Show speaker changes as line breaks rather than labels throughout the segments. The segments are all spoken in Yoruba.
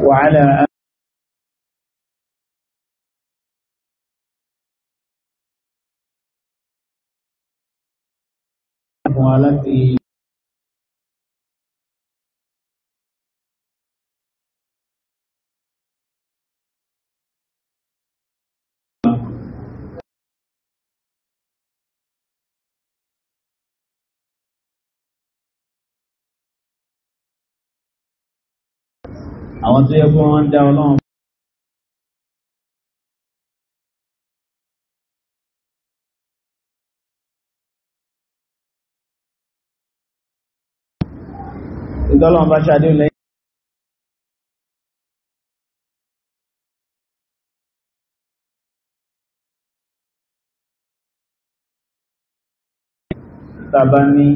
وعلى والتي àwọn tó yẹ kó wọ́n ń dá ọlọ́run ìtọ́lọ́run bá ṣàdé ilẹ̀ tàbá ní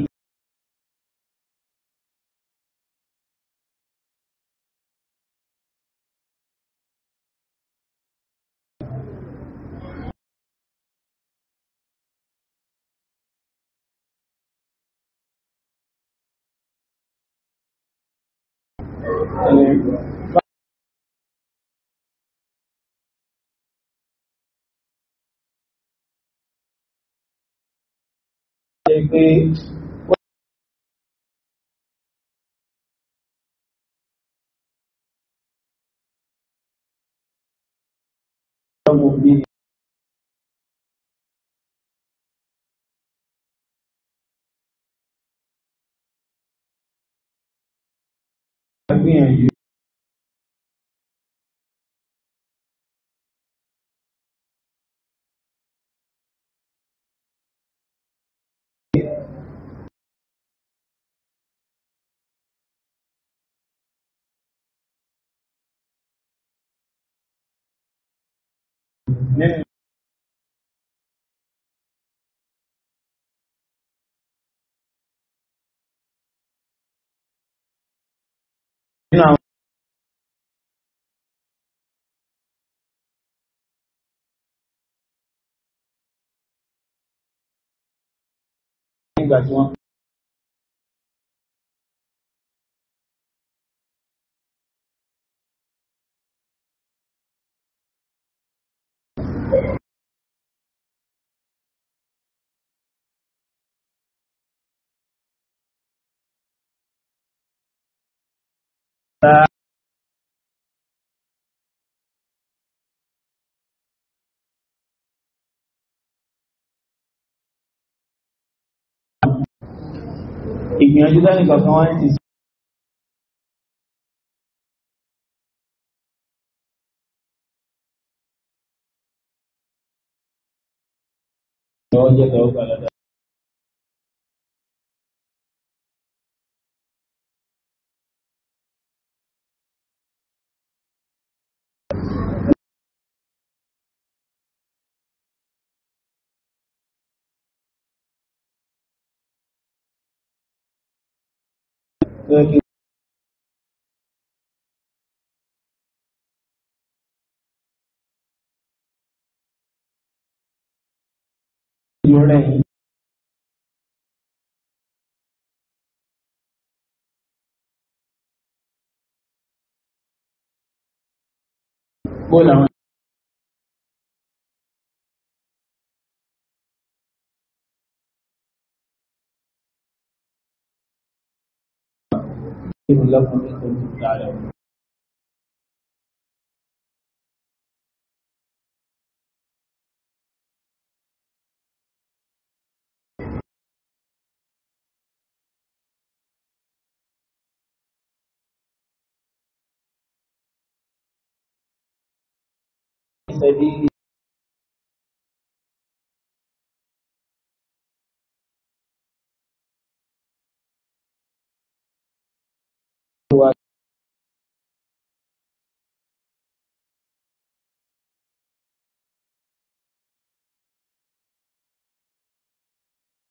completely be and you nel nígbà tí wọ́n لا ìgbìyànjú lẹ́nu kọ̀ọ̀kan wọ́n ti sí ọjọ́ tẹ̀wọ́ gbàlọ́dọ̀ Hola, hola. لكم إن تعلمون سبيل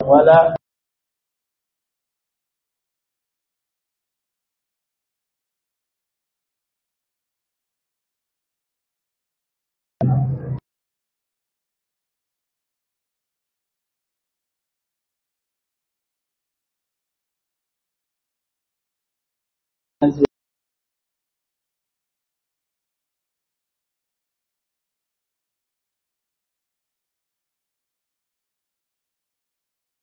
ولا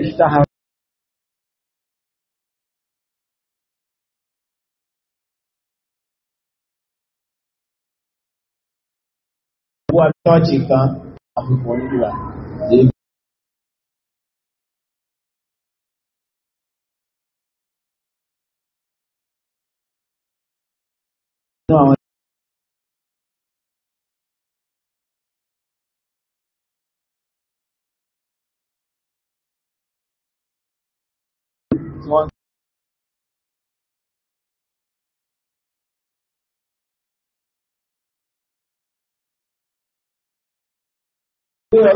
اشتهر wà ṣọ́ọ̀ṣì kan àfikún nígbà عند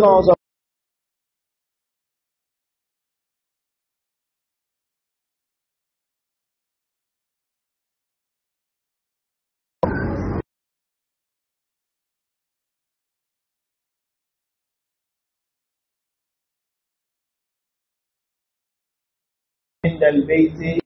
البيت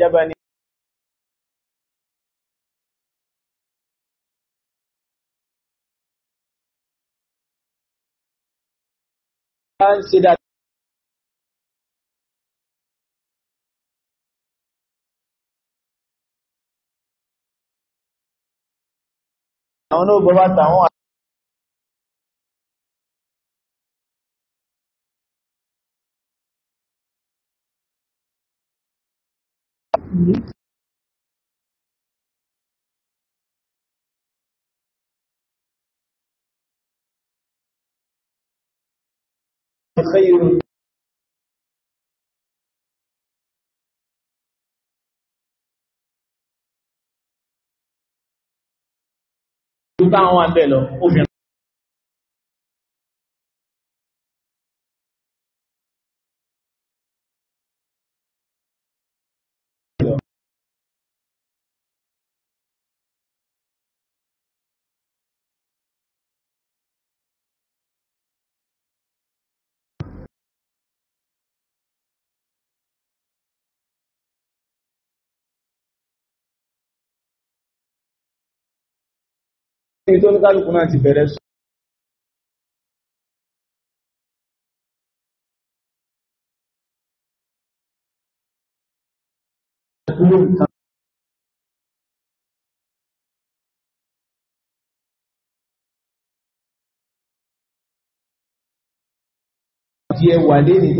أعجبني Sidat. Anu bawa tahu bá wọn bẹ̀ lọ obìnrin ní tó ní kálùkù náà ti bẹ̀rẹ̀ sọ Díẹ̀ wà lé ní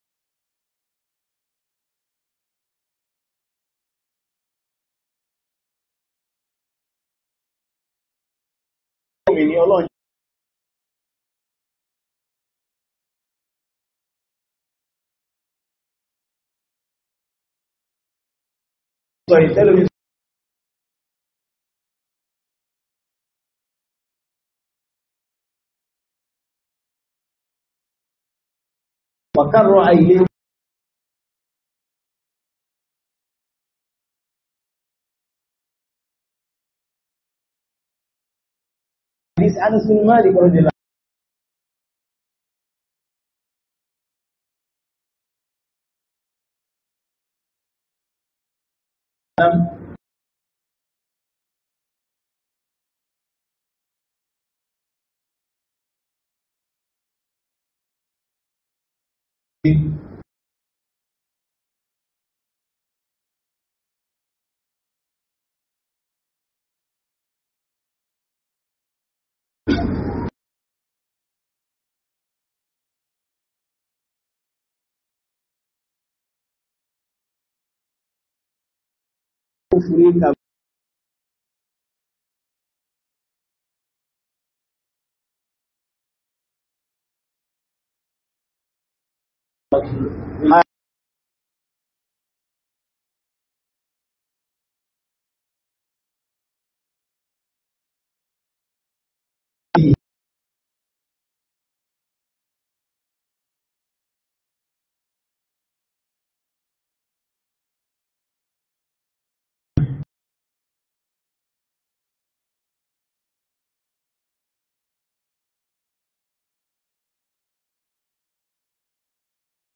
solitario عيني حديث أنس بن مالك رضي الله them kufurika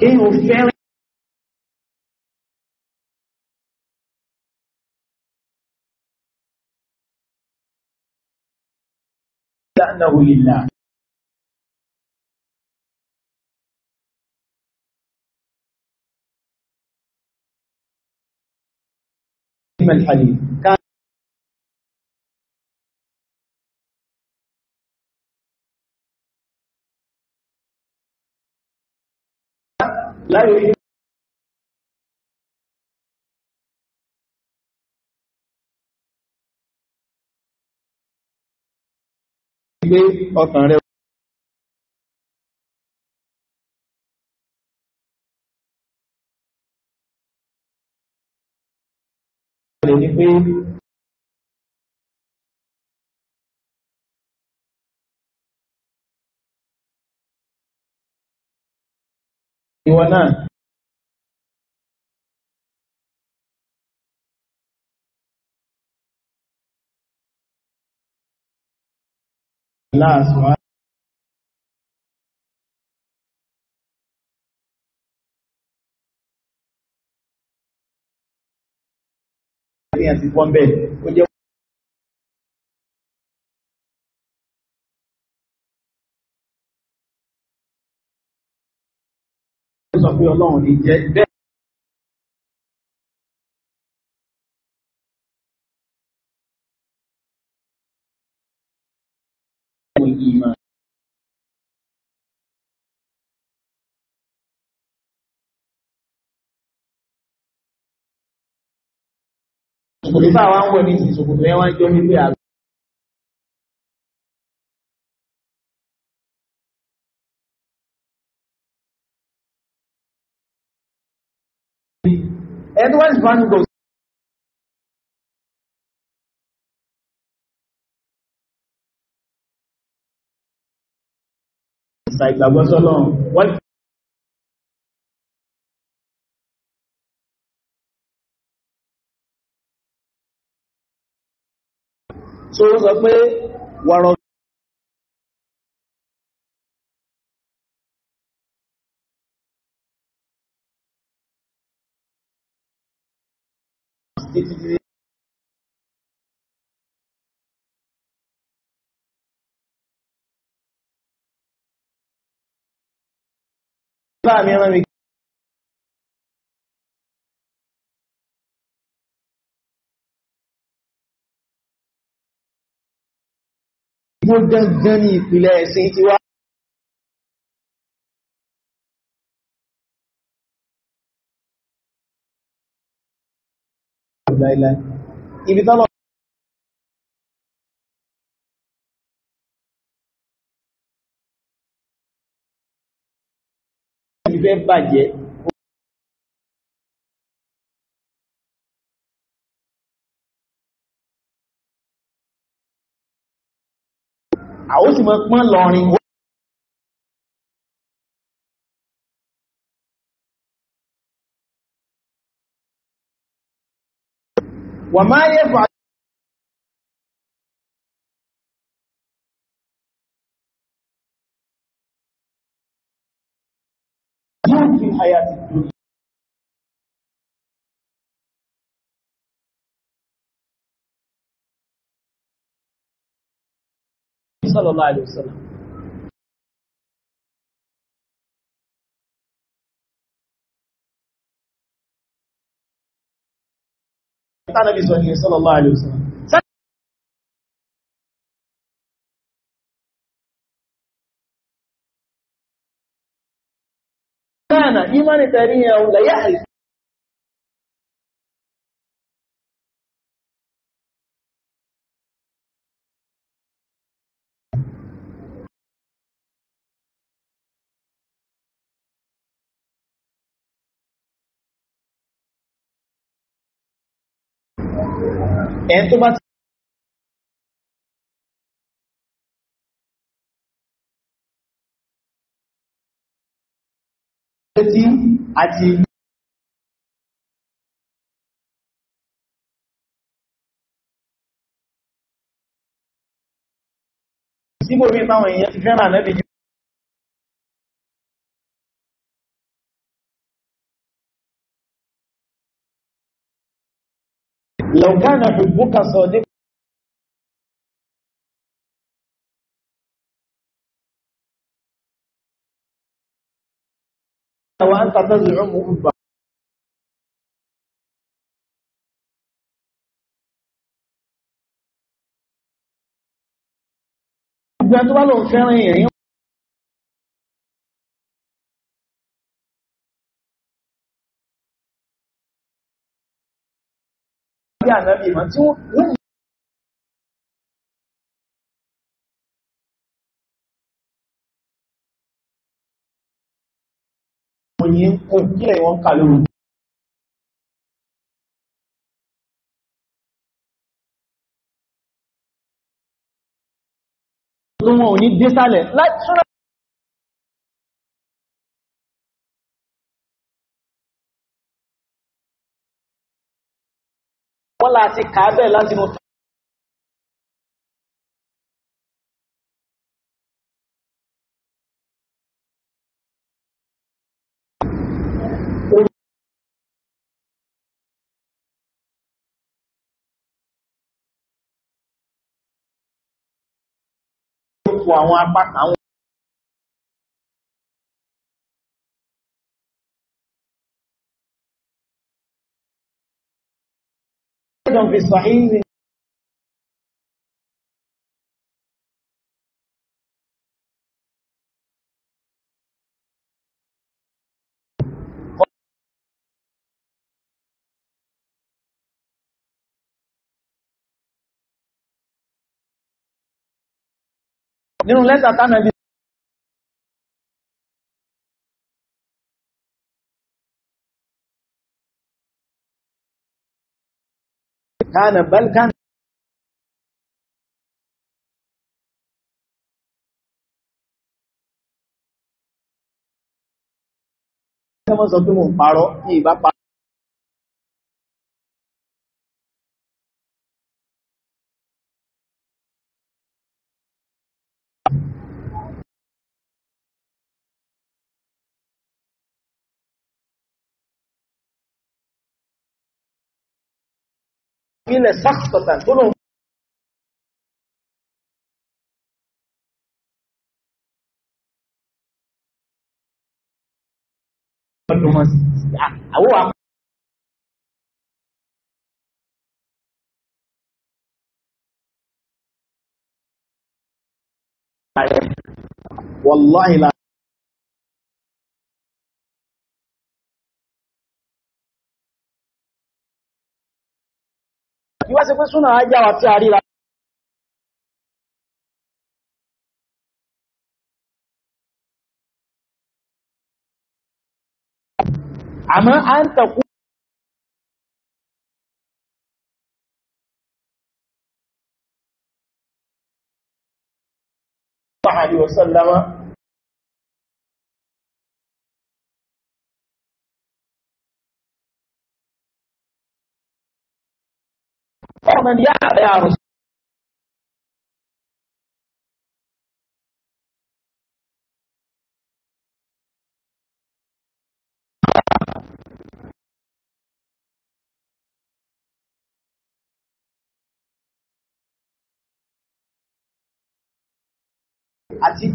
quem لله الحليم كان láyé rí gbé ọkàn rẹ̀ ni pé ìwọ náà láàsùwá ní àti pọ́ńbẹ̀ ó jẹ́ pé ọlọ́run ní jẹ́ bẹ́ẹ̀. Òkùnrin táwa ń wẹ̀ ní ìsìn ìṣòkòtò yẹn wá ń jọ nílé àgbà. ẹni wá sí fánúgbò ìgbàgbọ́sọ́lọ́ wọ́n so sọ pé wọ̀rọ̀ títí láàmì ẹran mi gbogbo gangan ní ìpìlẹ̀ ẹ̀sìn tiwa láíláí ibi tọ́lọ̀ ìfẹ́ bàjẹ́ àwọn sì mọ́ pọ́n lọ́rin وما يفعل في الحياة الدنيا صلى الله عليه وسلم tánàbí sọ ní sallallahu alaihi wasallam kana imani tarihi ya ẹ̀ tó bá ti tí àti síbò rí báwọn èèyàn ti fẹ́ràn lẹ́bìí لو كان حبك صادقا وأنت تزعم حبه gbogbo ẹni tó bá lọ fẹ́ràn èèyàn ayé ìmọ̀ tí wọ́n ní kún kí ẹ̀ wọ́n kà lórí
ló wọn ò ní désàlẹ̀
láti wọ́n láti kàábẹ̀ láti nù Àwọn apá àwọn أيضا في الصحيح nínú lẹ́tà tánàbí كان بل كان wọ́n sọ pé mo ń parọ́ ní ìbá pa المسلمين سخطة كلهم نعم. والله لا pé súnà ajá wa tí a ríra àmọ́ a ń tẹ̀kú Alaihi wasallama wannan ya haɗa yaran àti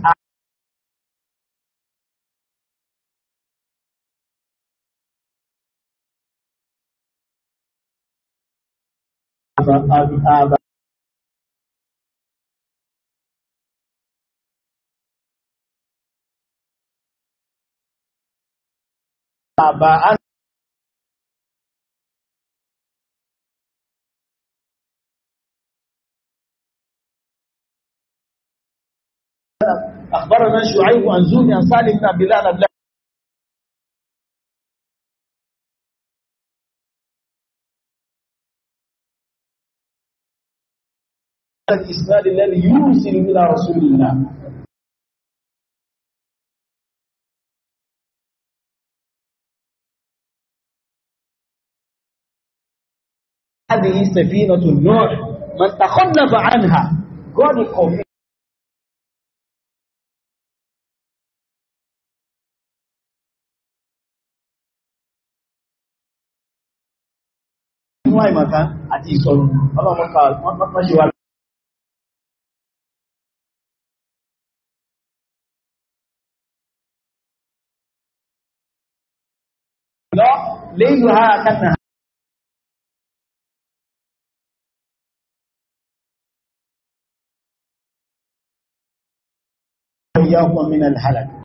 أخبرنا شعيب أن زوني أن سالم بن عبد الإسناد الذي يوصل إلى رسول الله هذه سفينة النوح من تخلف عنها غرق في Wọ́n àìmọ̀ká àti ما ما mọ́ṣíwá ليلها كانها من الهلك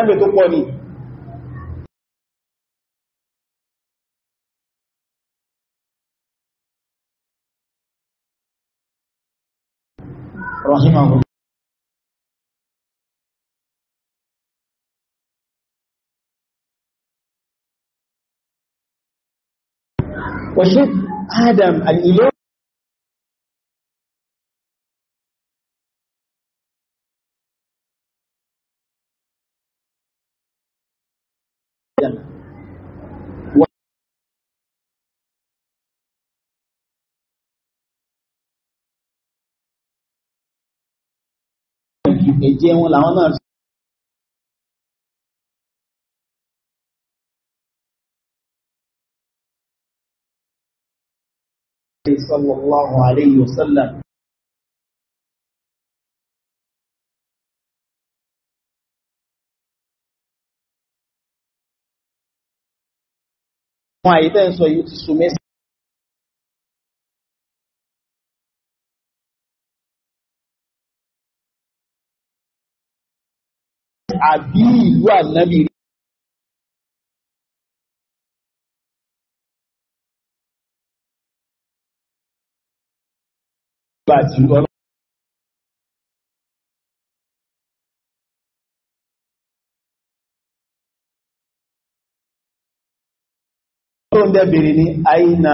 sẹ́mẹ̀ tó pọ̀ ní rahimahullah وشيخ آدم الإله jẹun làwọn náà sallallahu Àwọn àyíká ń sọ yìí ti sùn mẹ́sàn. àbí ìlú ànábì Bàtí ọlọ́ tó ń dẹ́bìnrin ní àìnà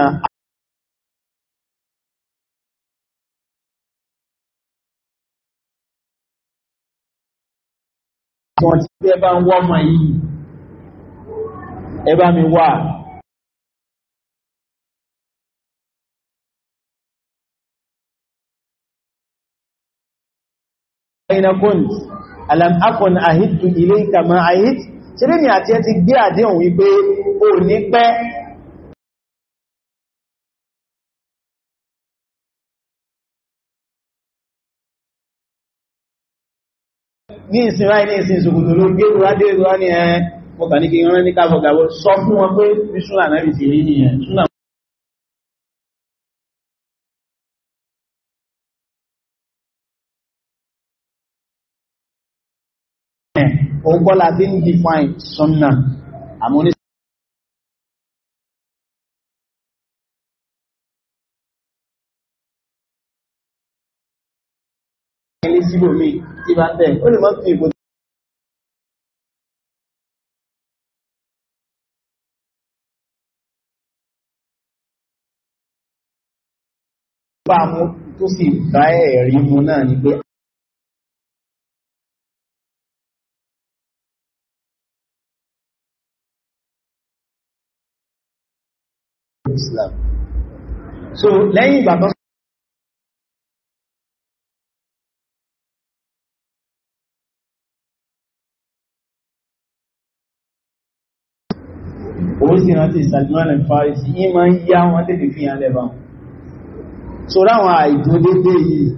wọn ti tẹ́ bá ń wọ́ ọmọ yìí ẹ bá mi wà. Ẹ̀yin
akọ́ni, alam akọ́ni àhìtù ilé ìkàmọ́ àhìtù, ṣe ní àti ẹ ti gbé àdéhùn wípé o ní pẹ́ ní ìsìn ráì ní ìsìn ìsòkòtò ló gbé wá dé wá ní ẹ mo kà ní kí rán ní kábọ̀gàwọ́ sọ fún wọn pé bí súnà náà sì rí nìyẹn súnà
òun la bí ń define súnà síbò mí tí bá tẹ̀ ó lè mọ́ fi ìbò bá mú tó sì bá ẹ̀rí mu náà ni pé Islam. So lẹ́yìn ìgbà tó
ìrántí Salman al-Farisi yí máa ń yá wọn tètè fi hàn lẹ́bàá so ráwọn àìdúdédé yìí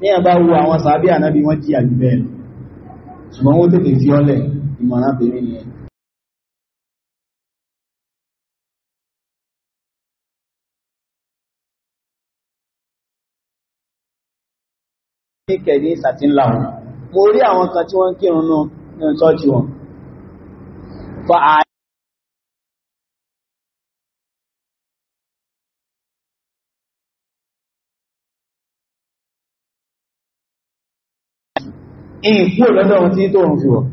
ní àbá wo àwọn sàábí ànábí wọ́n jí àgbẹ̀ ṣùgbọ́n wọ́n tètè fi ọlẹ̀ ìmọ̀ràn bèèrè nìyẹn kíkẹ̀ ní ìsàtínlá wọn mo rí àwọn kan tí wọ́n ń kírun nú ní ṣọ́ọ̀ṣì wọn fa ààrẹ ìyìn kúrò lọ́dọ̀ wọn tí tó ń fi wọ̀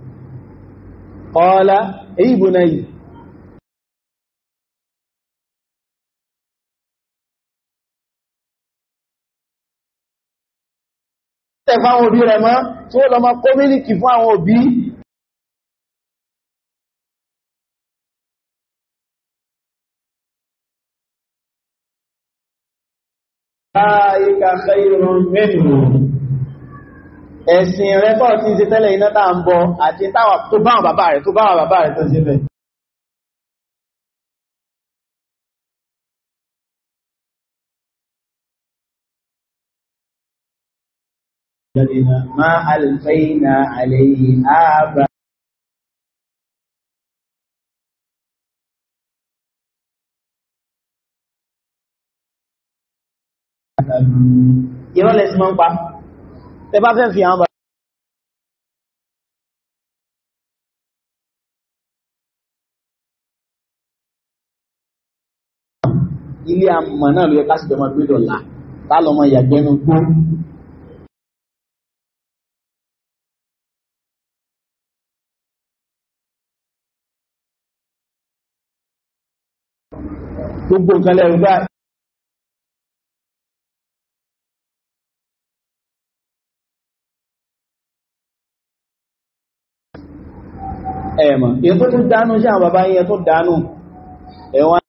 ọ̀ọ́lá èyí ìbò náà yìí tẹ̀ fáwọn òbí rẹ̀ mọ́ tí ó lọ máa kó mílìkì fún àwọn òbí Láàíkà
kẹ́yìnrún mẹ́rìnrún. Ẹ̀sìn rẹ̀ bọ́ tí ń ṣe tẹ́lẹ̀ iná tàà ń bọ àti táwà tó báwọn bàbá rẹ̀ tó báwọn bàbá rẹ̀ tó ṣe
ما ألفينا عليه آباءنا ìran lẹ́sìn mọ́ ń pa tẹ bá fẹ́ fi àwọn bàbá ilé àmà náà ló yẹ ká sì jọmọ gbé dọ̀lá tálọ́mọ ìyàgbẹ́nu gbó gbogbo nǹkan lẹ́rù bá ẹ̀mọ̀ èyí tó tún dánú sí àwọn bàbá yẹn tó dánú ẹ̀wọ̀n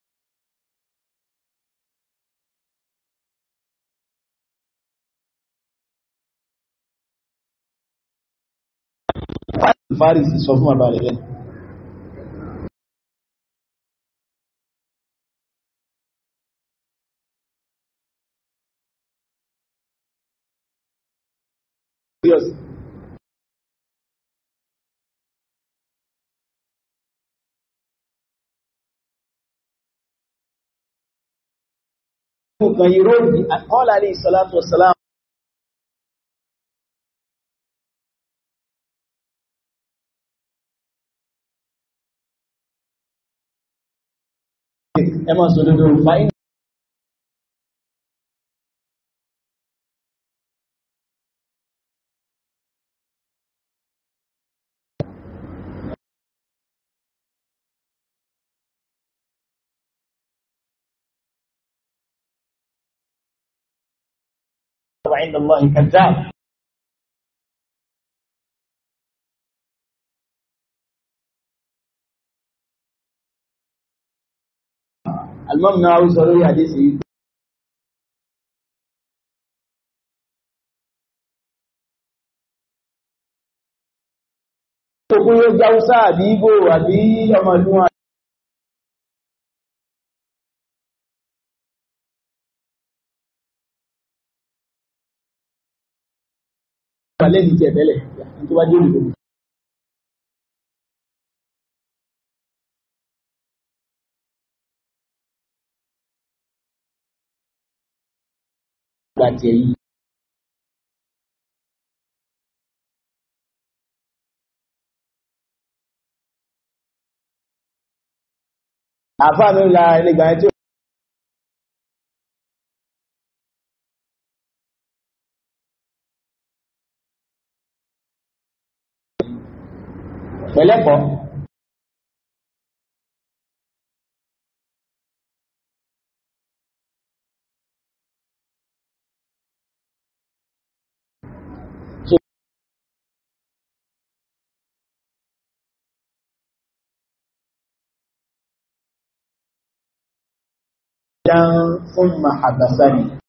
Faris sọ fún àbàrẹ̀ bẹ́ẹ̀. years nǹkan ìròyìn àkọọ́lá ní ìsọ́látọ̀ sàlámù الا الله الكذاب المهم ناوي يسوي حديث يقول يا جاوسا بيغو ابي يا مالوان falẹ̀ ní tiẹ̀ tẹ́lẹ̀ tó bá dé olùdó. àfáà mi la ẹlẹgbàá tí ó. Telepo. ثم حبسني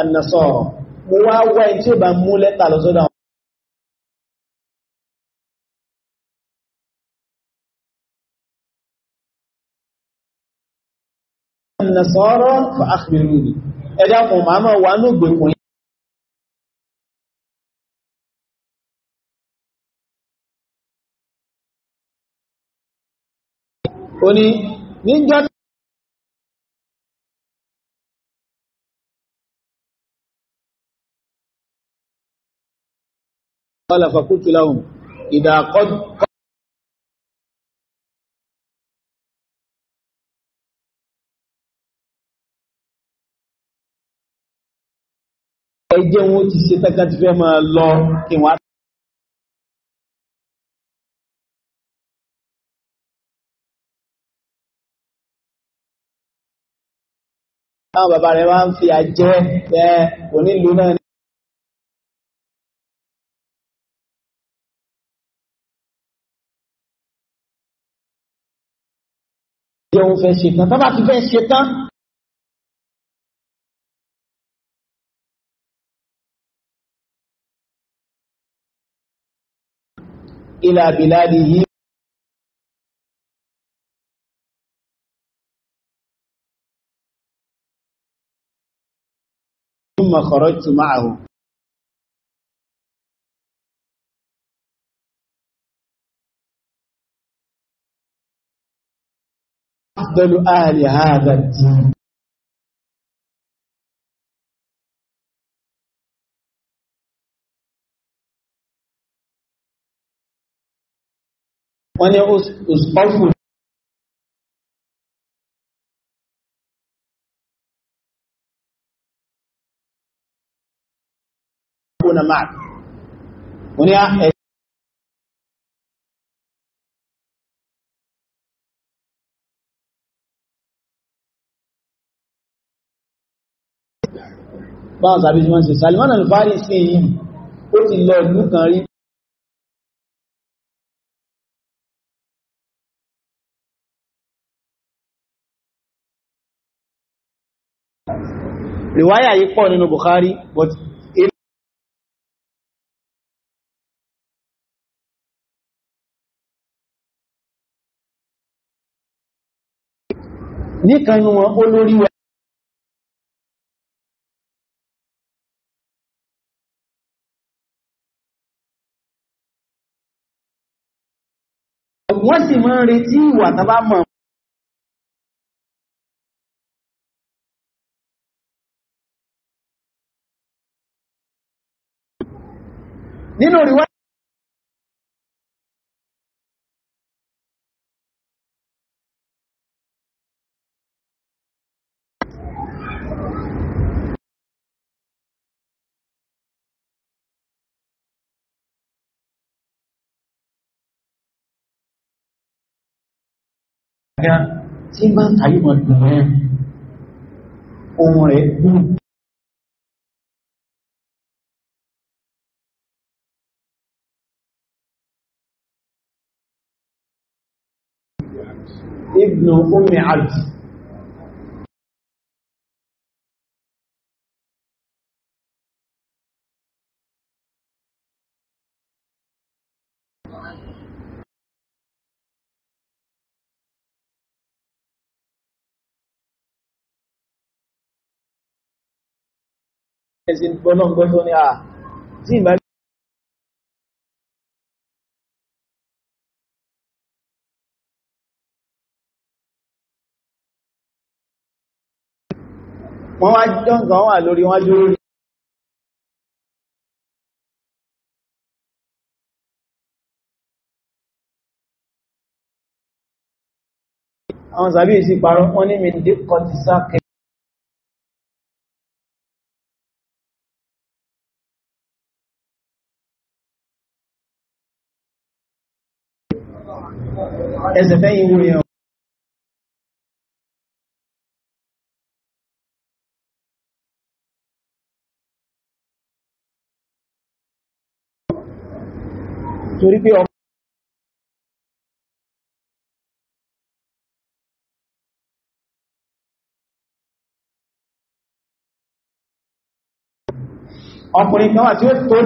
annasọ́rọ̀ mo wá wá ẹni tí ó bá mú lẹ́tà lọ sọ́dọ̀ annasọ́rọ̀ fa akhbiru ni ẹ̀dá kan máa máa wà ní ògbèkùn ó ní níjọ́ قال فقلت لهم إذا قد ẹjẹ́ wọn ti ṣe tẹ́kà ti fẹ́ máa lọ kí wọ́n àwọn bàbá rẹ̀ máa ń fi àjẹ́ ẹ̀ onílù náà jẹun fẹ́ ṣe tán tábà ti fẹ́ ṣe tán ilẹ̀ àbìláàdì yìí ثم خرجت معه أفضل أهل هذا الدين وأن يصطفوا معك هنا báwọn sàbí sí wọ́n ṣe Salman al sí yìí ó ti lọ ìlú rí rìwáyà yìí pọ̀ nínú Bukhari but níkan inú wọn olórí wọ́n sì máa ń retí ìwà tàbá mọ̀ nínú ríwá gan tí bá ń kàyí mọ̀ dùn rẹ̀ ohun rẹ̀ gùn ibnu umi abdi ẹ̀sìn gbọ́nàgbọ́ tó ní àà ah, tí ìbá wọ́n wá jọ́ǹkan wà lórí wọ́n dúró ní àwọn sàbí ìsí wọ́n ní mẹ́dẹ́kọ́ ti sáàkẹ́ ẹsẹ̀ fẹ́yìn wo yẹn torí pé ọmọ ọkùnrin kan wà tí ó tó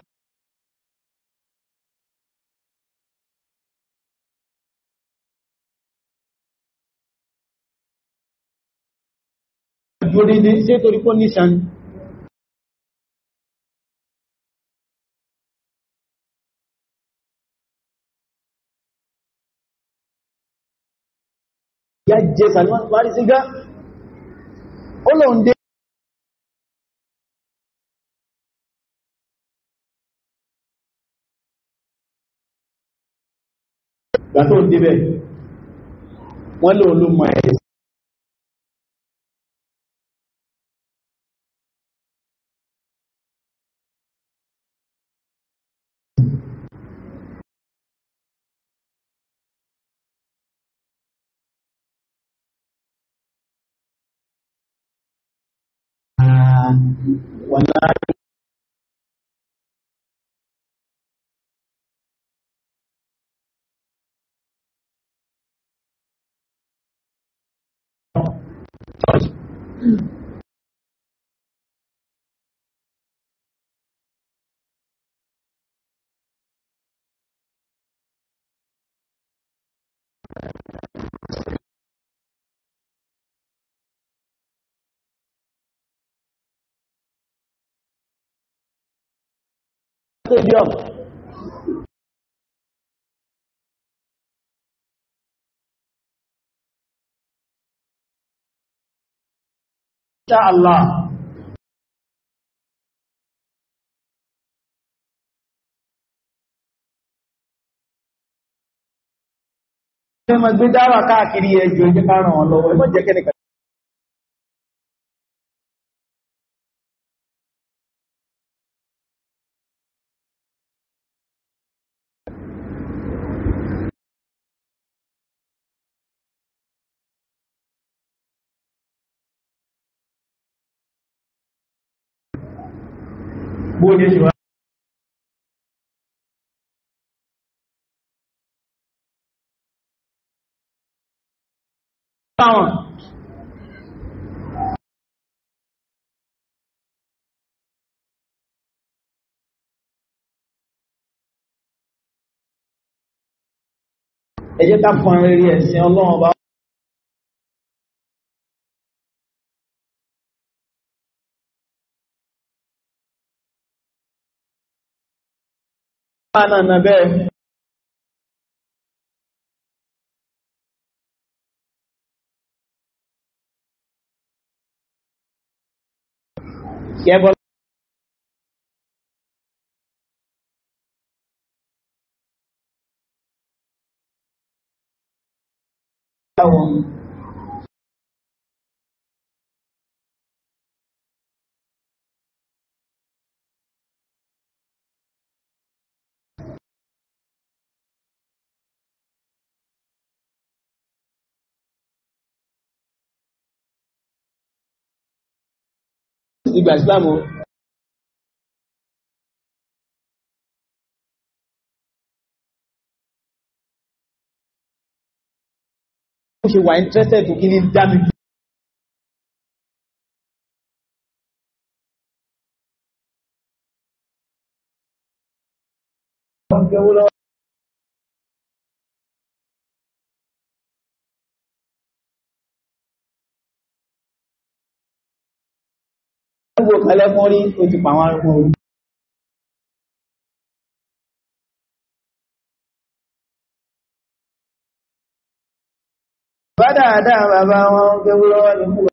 dúró dédé ṣé torí pọ́ níṣàn ya jẹ Salman Fari sí gá ó lọ ń dé gbàtó ń débẹ̀ wọ́n lóòlú ma ẹ̀sì stadium Insha Allah Ẹmọ̀ gbé dáwà káàkiri ẹjọ́ ìjẹ́ kárùn-ún lọ́wọ́, ẹmọ̀ jẹ́ kẹ́nìkan. bó ní ṣe wá àwọn ẹjẹ́ ká fún àrírí ẹ̀sìn ọlọ́run bá náà nà bẹ́ẹ̀ yẹ́bọ́ ti gba ìsìláàmù ó ṣe wà interested to kí ní dámi bí Thank you. àdúgbò kẹlẹ́kún rí ó ti pàwọn arúgbó orí bádáadáa bàbá wọn ń gbéwó lọ́wọ́ ní kúrò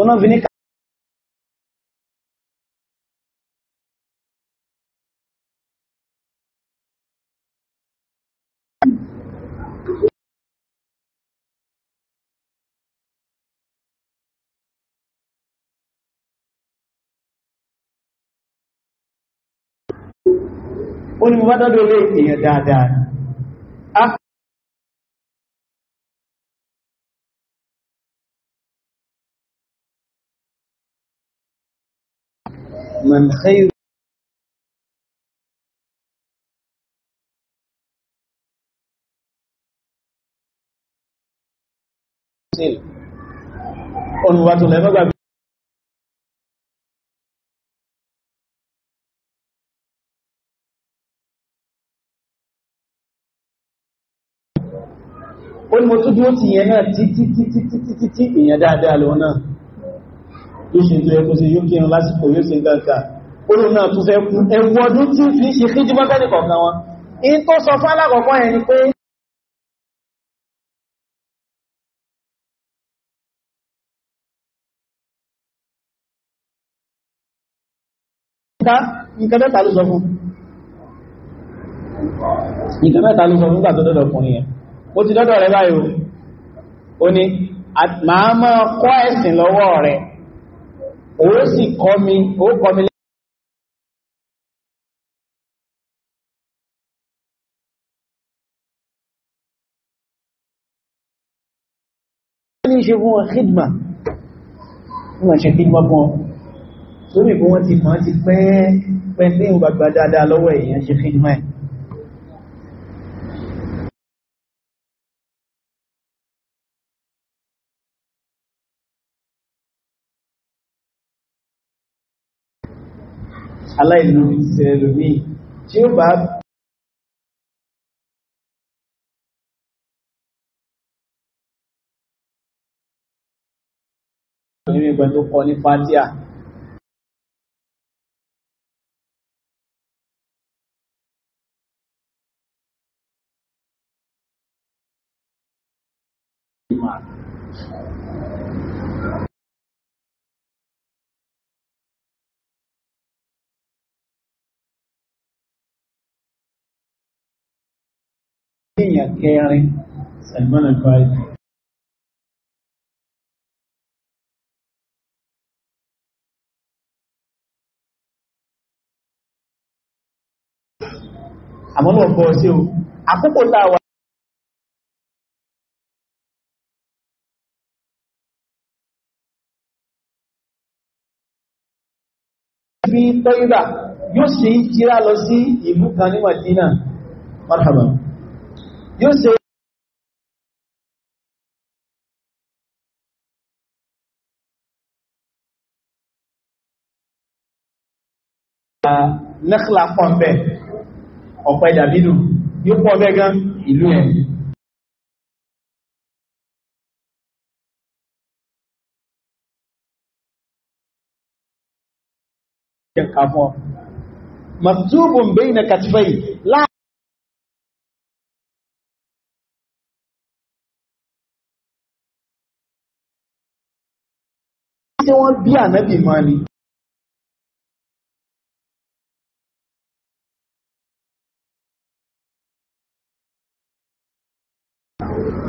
Oná fi ní ó ní mo bá dọ́dọ̀ lé èèyàn dáadáa من خير ọ̀nùwàtò lẹ́mọ́gbàgbé ó
ní mo tó dúró ti yẹn náà títí títí títí tí èèyàn dáadáa lọ náà tó ṣe tó ẹkùn sí yóò kírun lásìkò yóò ṣe gáǹkà ó lóun náà tó fẹ́ kú ẹwọ ọdún tí fi ṣe kí jí mọ́tẹ́ nìkọ̀ọ̀kan wọn in tó sọ fún alákọ̀ọ́kọ́ yẹn pé
nǹkan ló sọ fún
nígbà tó dọ́dọ̀ ọkùnrin yẹn ó ti dọ́dọ̀ rẹ báyìí ó ní màá mọ́ kọ́ ẹ̀sìn lọ́wọ́ rẹ̀
ó sì kọ́ mi ó kọ́ mi
lẹ́yìn ṣe fún wọn khidma wọ́n ṣe khidma fún ọ sórí ìbọn wọn ti mọ̀ ti pẹ́ pẹ́ tí ìwọ̀n gbàgbà dáadáa lọ́wọ́ èèyàn ṣe khidma ẹ̀
aláìlórí ti ẹlòmí tí ó bá nínú ìgbà tó kọ ní fatia Thank kéèyàn kẹrin Salman al-Farisi àmọ́nà ọ̀pọ̀ sí o àkókò táwà bí tọ́yíbà yóò ṣe ń jíra lọ sí ìlú kan ní Madina marhaban yóò ṣe nẹ́kìlá ah, pọ̀ ń bẹ̀ ọ̀pọ̀ ìdàbínú yóò pọ̀ bẹ́ gan ìlú ẹ̀ jẹ́ kàfọ́ maktubun bayna katifai láàrín tí wọ́n bí ànábì mọ́ ni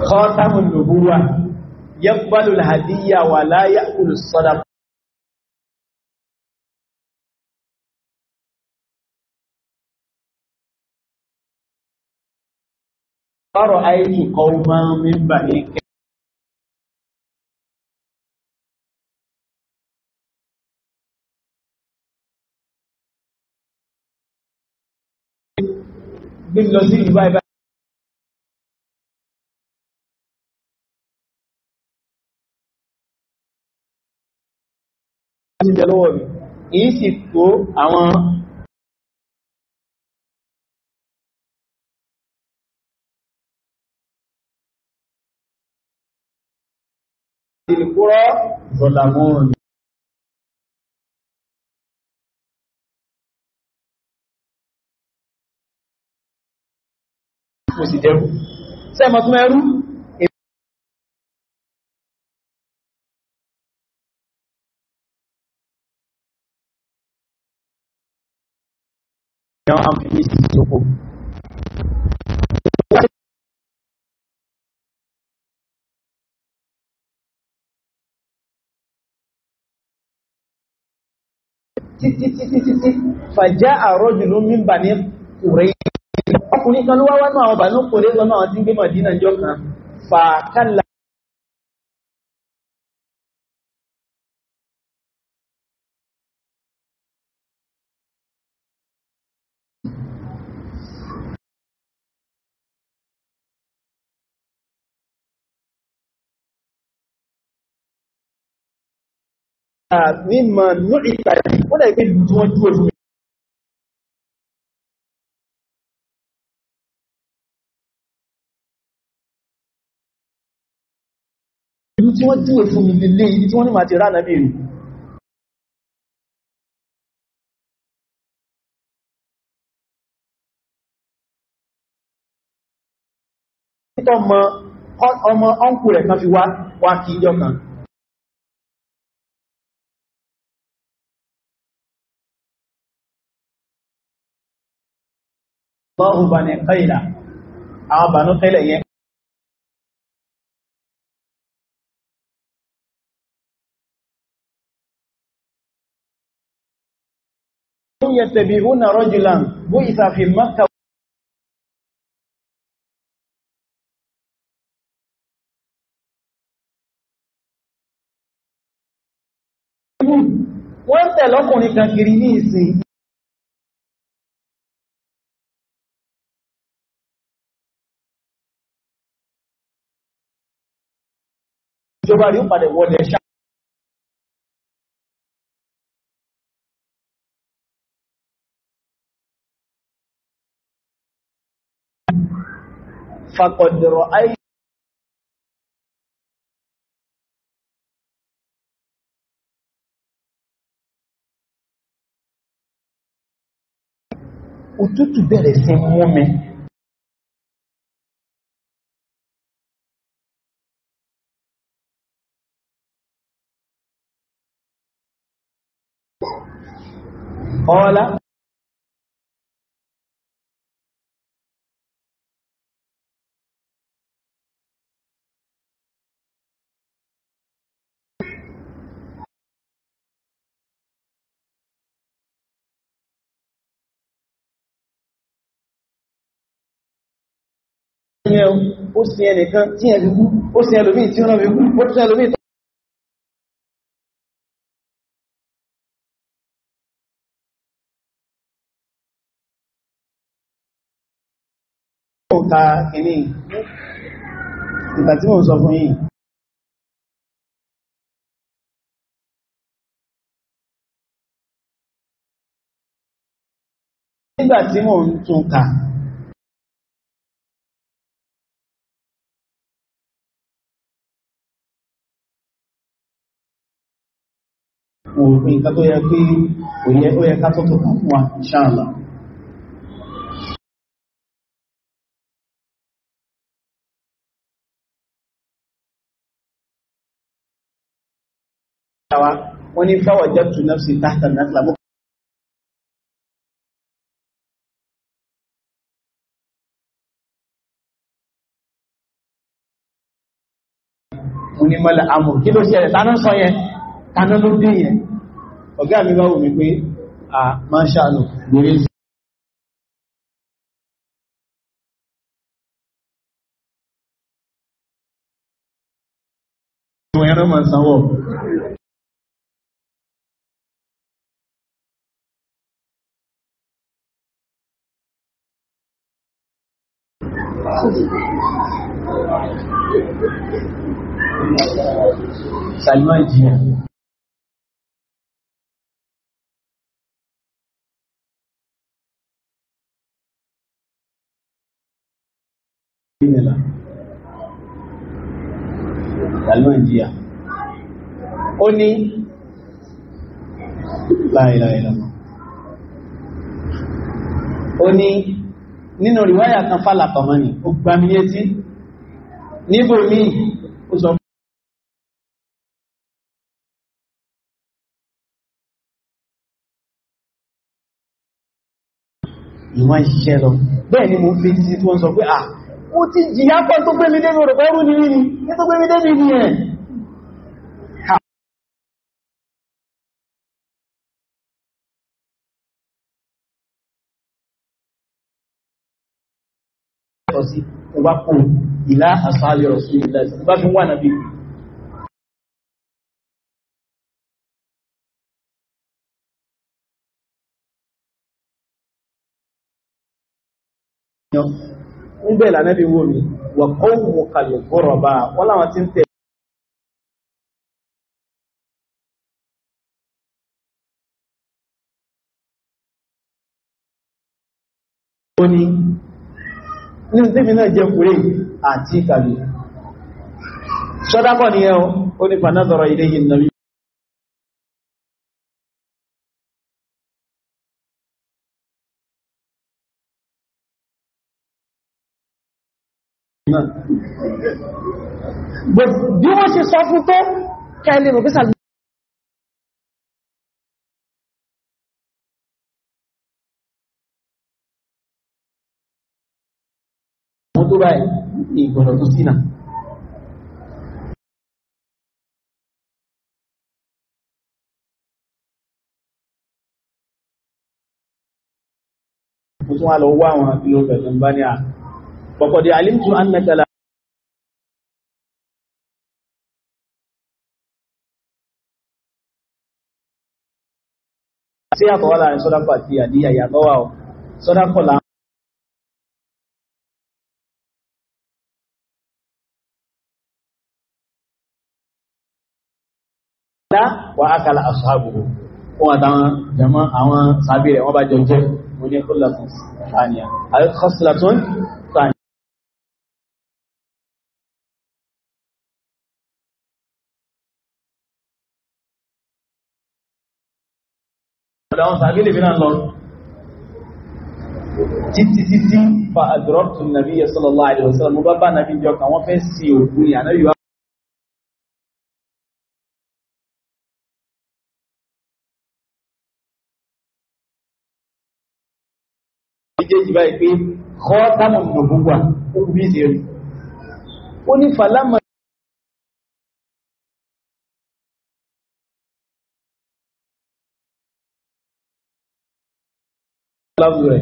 khatamun nubuwa yaqbalu al-hadiyya wa la ya'kulu as-sadaqa Ọ̀rọ̀ aiki qauman min bani gbé mi lọ sí ìlú báyìí ti jẹ lọ́wọ́ mi èyí sì tó àwọn ìlúkúrọ́ zọ̀làmọ́rin mo sì dẹrù sẹ́mọ̀ tún ẹrú èèyàn àmì ìsìnkú títí títí títí
fàjá àrọ́jùlú mímbà ní kùrẹ́ ọkùnrin kan ló wá wánú àwọn bàánú kò lẹ́sọ náà tí ń gbé mọ̀dínà jọ kan
fàákàlà mímọ̀ ní ìtàrí ó lẹ́gbẹ̀ẹ́ tí wọ́n jú ojú tí wọ́n júwe fún mi lè ibi tí wọ́n ní ma ti ránà bí rí ọmọ ọ́nkù rẹ̀ kan fi wá wá kí ìjọ kan Allahu bani qaila àwọn bànú qaila yẹn يتبعون رجلا بعث في مكة wọ́n tẹ̀lé ọkùnrin kan kiri ní ìsìn ìjọba rí ó padà wọ́n lẹ̀ فقد رأيت òtútù bẹ̀rẹ̀ sí mú mi ọlá sin ẹ̀ ó sin ẹnìkan tí ẹ̀ fi kú ó sin sọ fún yìí nígbà tí mo ń tún ka òfin nǹkan tó yẹ pé òyẹ ó yẹ ká tọ́tọ̀ kan fún wa ṣáàlá wọ́n ní fáwọ̀ jẹ́ tún náà sí tàtà náà lábọ́
onímọ̀lá àmù kí ló ṣẹlẹ̀ tánà sọ yẹn kaná ló dé yẹn ọ̀gá mi bá wù mí pé a máa ṣàánù lórí
ìwọ̀n ẹran máa sanwọ̀ Jiyan. nila Salman jiya
ó ní láìláìlá ó ní nínú ríwáyà kan fàlàkọ̀ mọ́ ni ó gbàmíyé tí níbò mí
ó sọ ìwọ̀n ìṣẹ́ lọ bẹ́ẹ̀ ni mo fi sí tí wọ́n sọ pé ah mo ti jìyà pọ́ tó gbé mi dé mi rọ̀pẹ́rù ní ní ní tó gbé mi dé mi ní ẹ̀ sí ń bẹ̀ lànẹ́bí wò mí wà kọ́wù kàlẹ̀ gọ́rọ̀ bá wọ́n láwọn tí ń tẹ̀
ní ní tẹ́mi náà jẹ́ kúrè àti ìkàlẹ̀ sọ́dápọ̀ ni ẹ́ o ní pàdánà ilé yìí
bí wọ́n ṣe sọ fún tó kẹ́lẹ̀ rò pẹ́sà wọ́n tó báyìí ìgbọ̀nà tó sínà mo tún wá lọ wá àwọn ìlú ọ̀fẹ́ tó ń bá ní à pọ̀pọ̀dé alimtu annaka sí àtọ̀wà láàrin sọ́dápọ̀ àti àdíyà ìyàtọ̀ wà ọ̀ sọ́dápọ̀ láàrin wà ákàlà àṣàbùrù fún àtàwọn jama àwọn sàbí rẹ̀ wọ́n bá jọ jẹ́ oníkúlàtún àníyà àríkọ́sílàtún
àwọn sàbí lè fi náà lọ títí títí fa àdúrọ́tù nàbí sallallahu alaihi wasallam mo bá bá nàbí jọ kà wọ́n fẹ́ sí òkú ni
ànábì wá méjèèjì báyìí pé kọ́ támù láwùjọ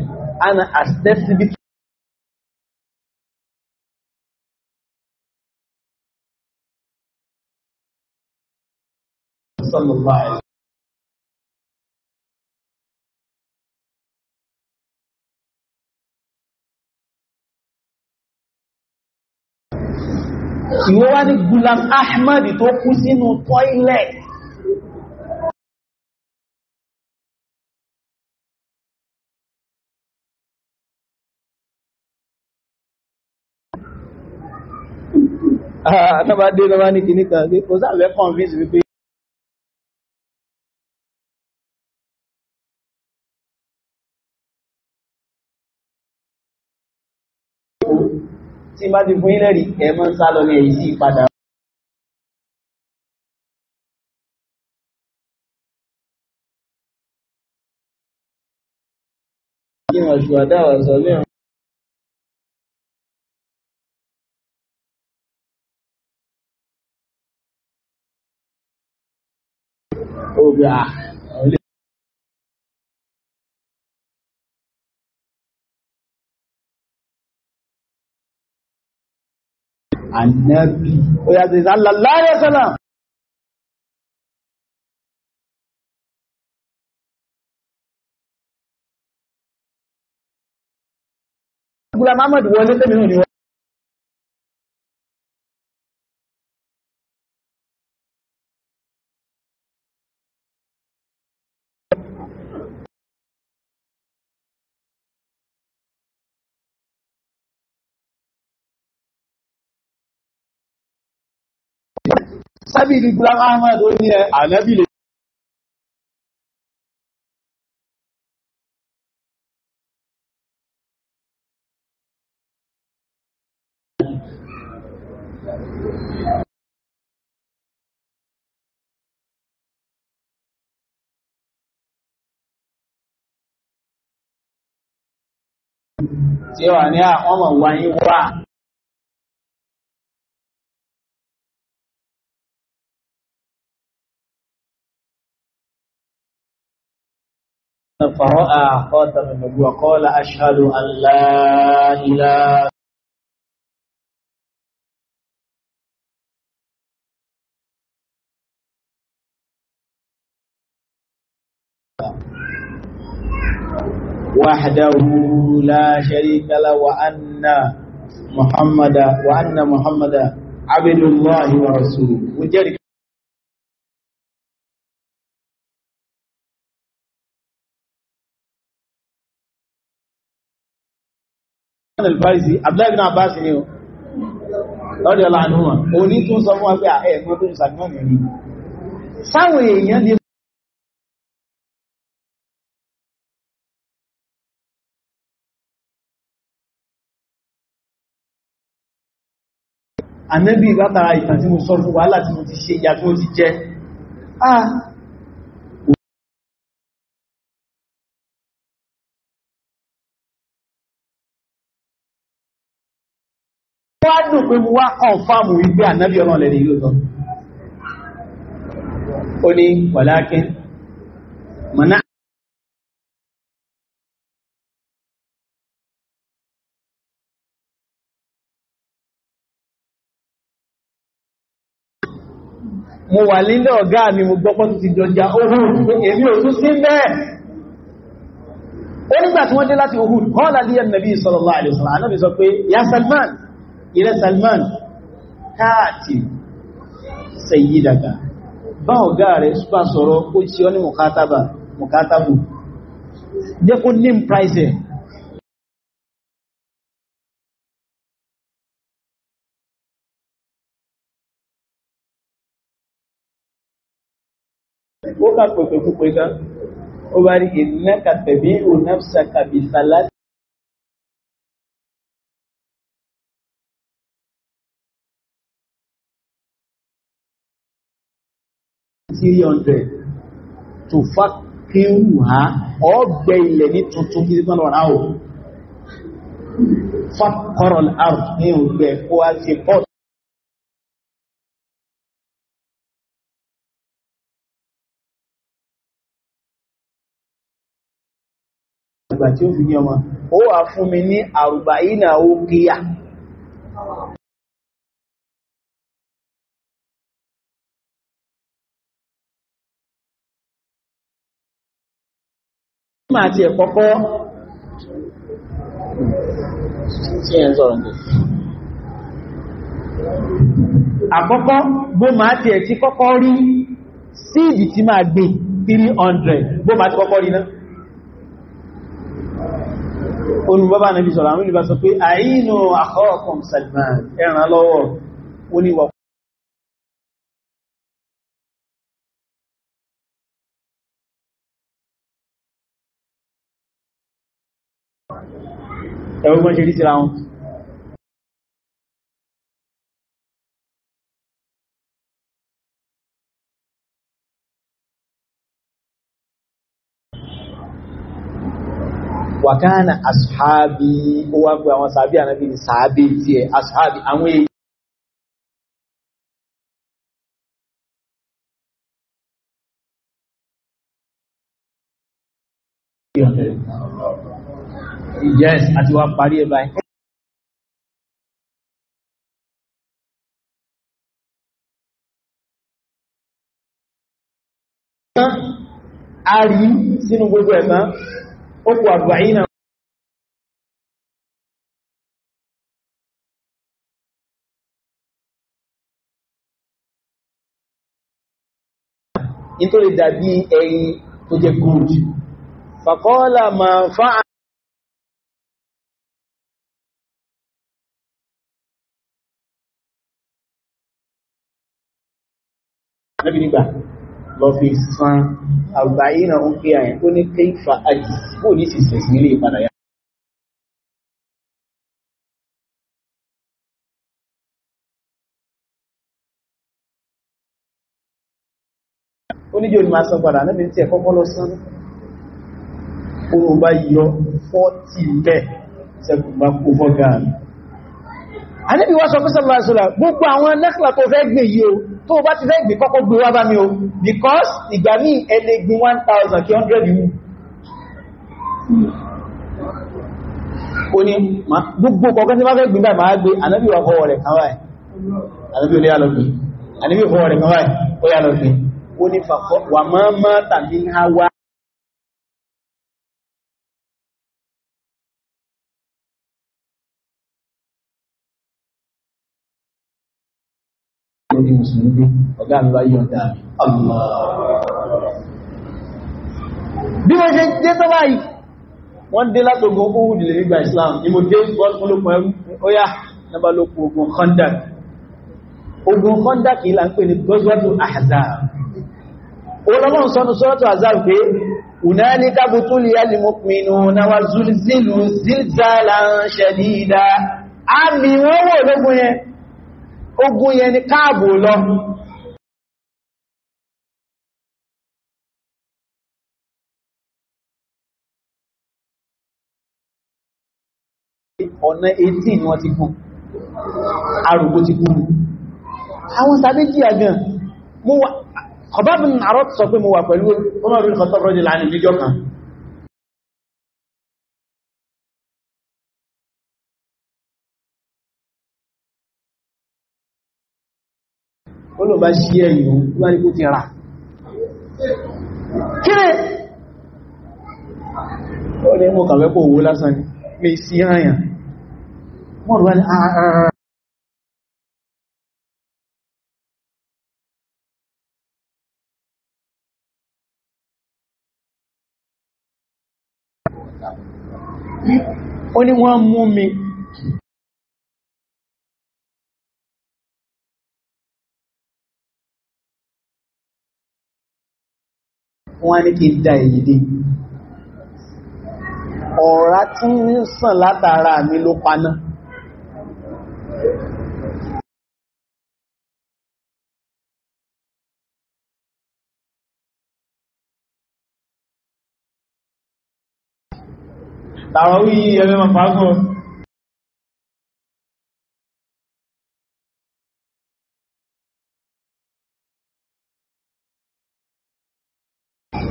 ana accessibility sallallahu alaihi ìwọ́n wá ní Gulam Ahmad tó kú sínú toilet Ah, tọ́bá dé lọ́wọ́ ní kìíní kan gbé kò sáàfẹ́ convince wípé tí bá ti fún ilẹ̀ rí ẹ̀mọ́ ń sá lọ ní èyí sí ìpadà Ìwọ̀n ṣùgbọ́n dáwà sọ mẹ́rin. النبي ويا زيد الله لا يا سلام قول محمد ولا تنوني ànábì ní Ghulam Ahmad ó ní ẹ ànábì lè tí wà ní àwọn ọmọ wáyé wà فرأى خاتم النبوة قال أشهد أن لا إله
وحده لا شريك له وأن محمد وأن محمد عبد
الله ورسوله وجرك
alfarisi abdullahi bin abbas ni o lọ́dẹ̀ ọlànúwà òní tún sọ fún wa pé àẹ́ ẹ̀kọ́ tó ń sàgbọ́n ní sáwọn èèyàn lè
ànẹ́bí látara ìtàn tí mo sọ fún wa láti mo ti ṣe ìyà tí ti jẹ ah, wá dùn pé mú wá kọ̀nfàmù wípé ànábí ọ̀rọ̀ lẹ́rẹ̀ yóò tọ́. ó ní wàlákín mọ̀ná
mo wà nílẹ̀ ọ̀gá mi mo gbọ́pọ́ ti jọjà ohun èmi ò tún sí bẹ́ẹ̀ ó nígbà tí wọ́n dé láti ohun kọ́ọ̀lá lè yẹn nàbí sallallahu alaihi wasallam ànábì sọ pé ya ìrẹ́ Salman káàtì sayyidaka bá ọ̀gá rẹ̀ súpá sọ̀rọ̀ ó tí ọ ní mọ̀kátàbà mọ̀kátàbù jẹ́ kó ní price ẹ̀
ó kà pẹ̀pẹ̀ púpẹ̀ ká ó bá rí ìrìnlẹ́kà tẹ̀bí ò náà sàkàbì three hundred tó
fà kí ń wà ọgbẹ̀ ilẹ̀ ní tuntun kí sípọ̀ lọ́rọ̀ áwò fàkọrọ̀ àrùn ní ògbẹ̀ kó a ti pọ̀
ìgbà tí ó fi ní ọmọ ó wà fún mi ní àrùbáyí náà ó kíyà máa ti ẹ̀kọ́kọ́ tí ẹ̀ ń sọ̀rọ̀ ní
àkọ́kọ́ bó máa ti ẹ̀ ti kọ́kọ́ rí síìdì tí máa gbé 300 bó máa ti kọ́kọ́ rí náà olùbọ́bá nàbí sọ̀rọ̀ àwọn olùbá sọ pé àìyínú àkọ́ọ̀kùn Salman ẹ̀ràn lọ́wọ́ oníwọ̀
ẹ̀wọ́n ṣe rí síra wọn
wàkánà asùhábí ó wá pé àwọn sàábí ànábì ní sàábí tí ẹ asùhábí àwọn èyí
yes àti wá parí ẹ̀ báyìí a rí sínú gbogbo ẹ̀sán ó kò àgbàyínà nítorí dàbí ẹ̀yìn tó jẹ gold fàkọ́ọ́lá ma fa lọ fi san àgbáyé náà ń pè àyẹ̀ ó ní kéfà àjì ó ní sì sẹ̀sì nílé ìpadà yá oníjò ni máa san padà níbi tí ẹ̀kọ́ kọ́
lọ san oòrùn bá yọ 40 bẹ́ẹ̀ sẹ́kùn bá kó fọ́gá rẹ̀ Ànábì wá sọ fún sallallahu alaihi wasallam gbogbo àwọn nẹ́kìlá tó fẹ́ gbé yìí o tó bá ti fẹ́ gbé kọ́kọ́ gbé wá bá mi o because ìgbà mí ẹlẹ́ gbin 1000 kí 100 mú o ní gbogbo kọ̀ọ̀kan tí wá fẹ́ gbin báyìí máa gbé Ànábì wá fọwọ́ rẹ̀ kan báyìí Ànábì olé alọ́gbìn Ànábì fọwọ́ rẹ̀ kan báyìí ó yà lọ́gbìn ó ní fàfọ́ wà máa máa ó di mùsùlùmí ọ̀gá mi bá yọ̀ǹda Allah bí wọ́n ṣe dé tó báyìí wọ́n dé látògùn òhun nílé nígbà Islam ni mo dé ọlọ́pọ̀ ẹrú óyá nígbà ló kú ogun Khandak ogun Khandak kìí là ń pè ní gọ́sùwọ́tò Ahzab olọ́lọ́n sọ́nù sọ́rọ̀tò Ahzab pé هنالك ابتلي المؤمنون وزلزلوا زلزالا شديدا àmì wọ́n wò lógun yẹn ogun yẹn ni
káàbù lọ
ọ̀nà 18 ni wọ́n ti kú arùgbó ti kú àwọn sàbé jíyà gan mo wà Khabbab bin Arat sọ pé mo wà pẹ̀lú Umar bin
Khattab radiyallahu níjọ́ kan
ọlọ́run bá ṣí ẹ̀yìn òun tó kó ti rà kílẹ̀ ó ní mọ̀ kàwẹ́pọ̀ owó lásán ni pé sí
àyàn mọ́rù wá ní ààrẹ ó ní wọ́n mú mi wọ́n ní kí
n da èyí dé ọ̀rá tí ń sàn látara mi ló paná
tàwọn wí ẹgbẹ́ mọ̀ fásọ́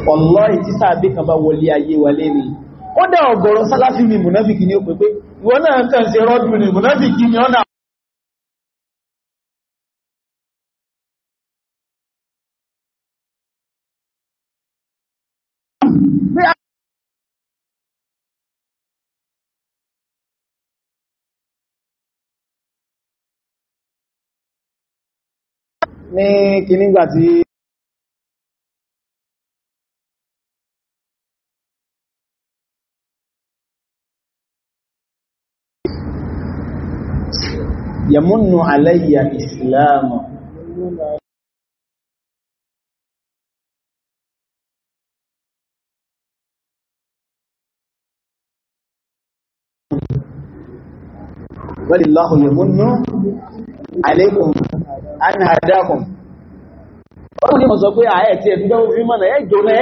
wallahi
tí sáàbí kan bá wọlé ayé wọlé ni ó dá ọ̀gọ̀rọ̀ sálàfí ni mùnáfíkì ní òpin pé ìwọ́n náà kàn sí rọ́dù ni mùnáfíkì ni ọ́nà
ní kìnígbàtí يمن علي إسلامه
ولله يمن عليكم أن هداكم. Ọlọ́run ni mo sọ pé ààyẹ̀ tí ẹ̀dúgbẹ́ òfin mọ́nà ẹjọ́ náà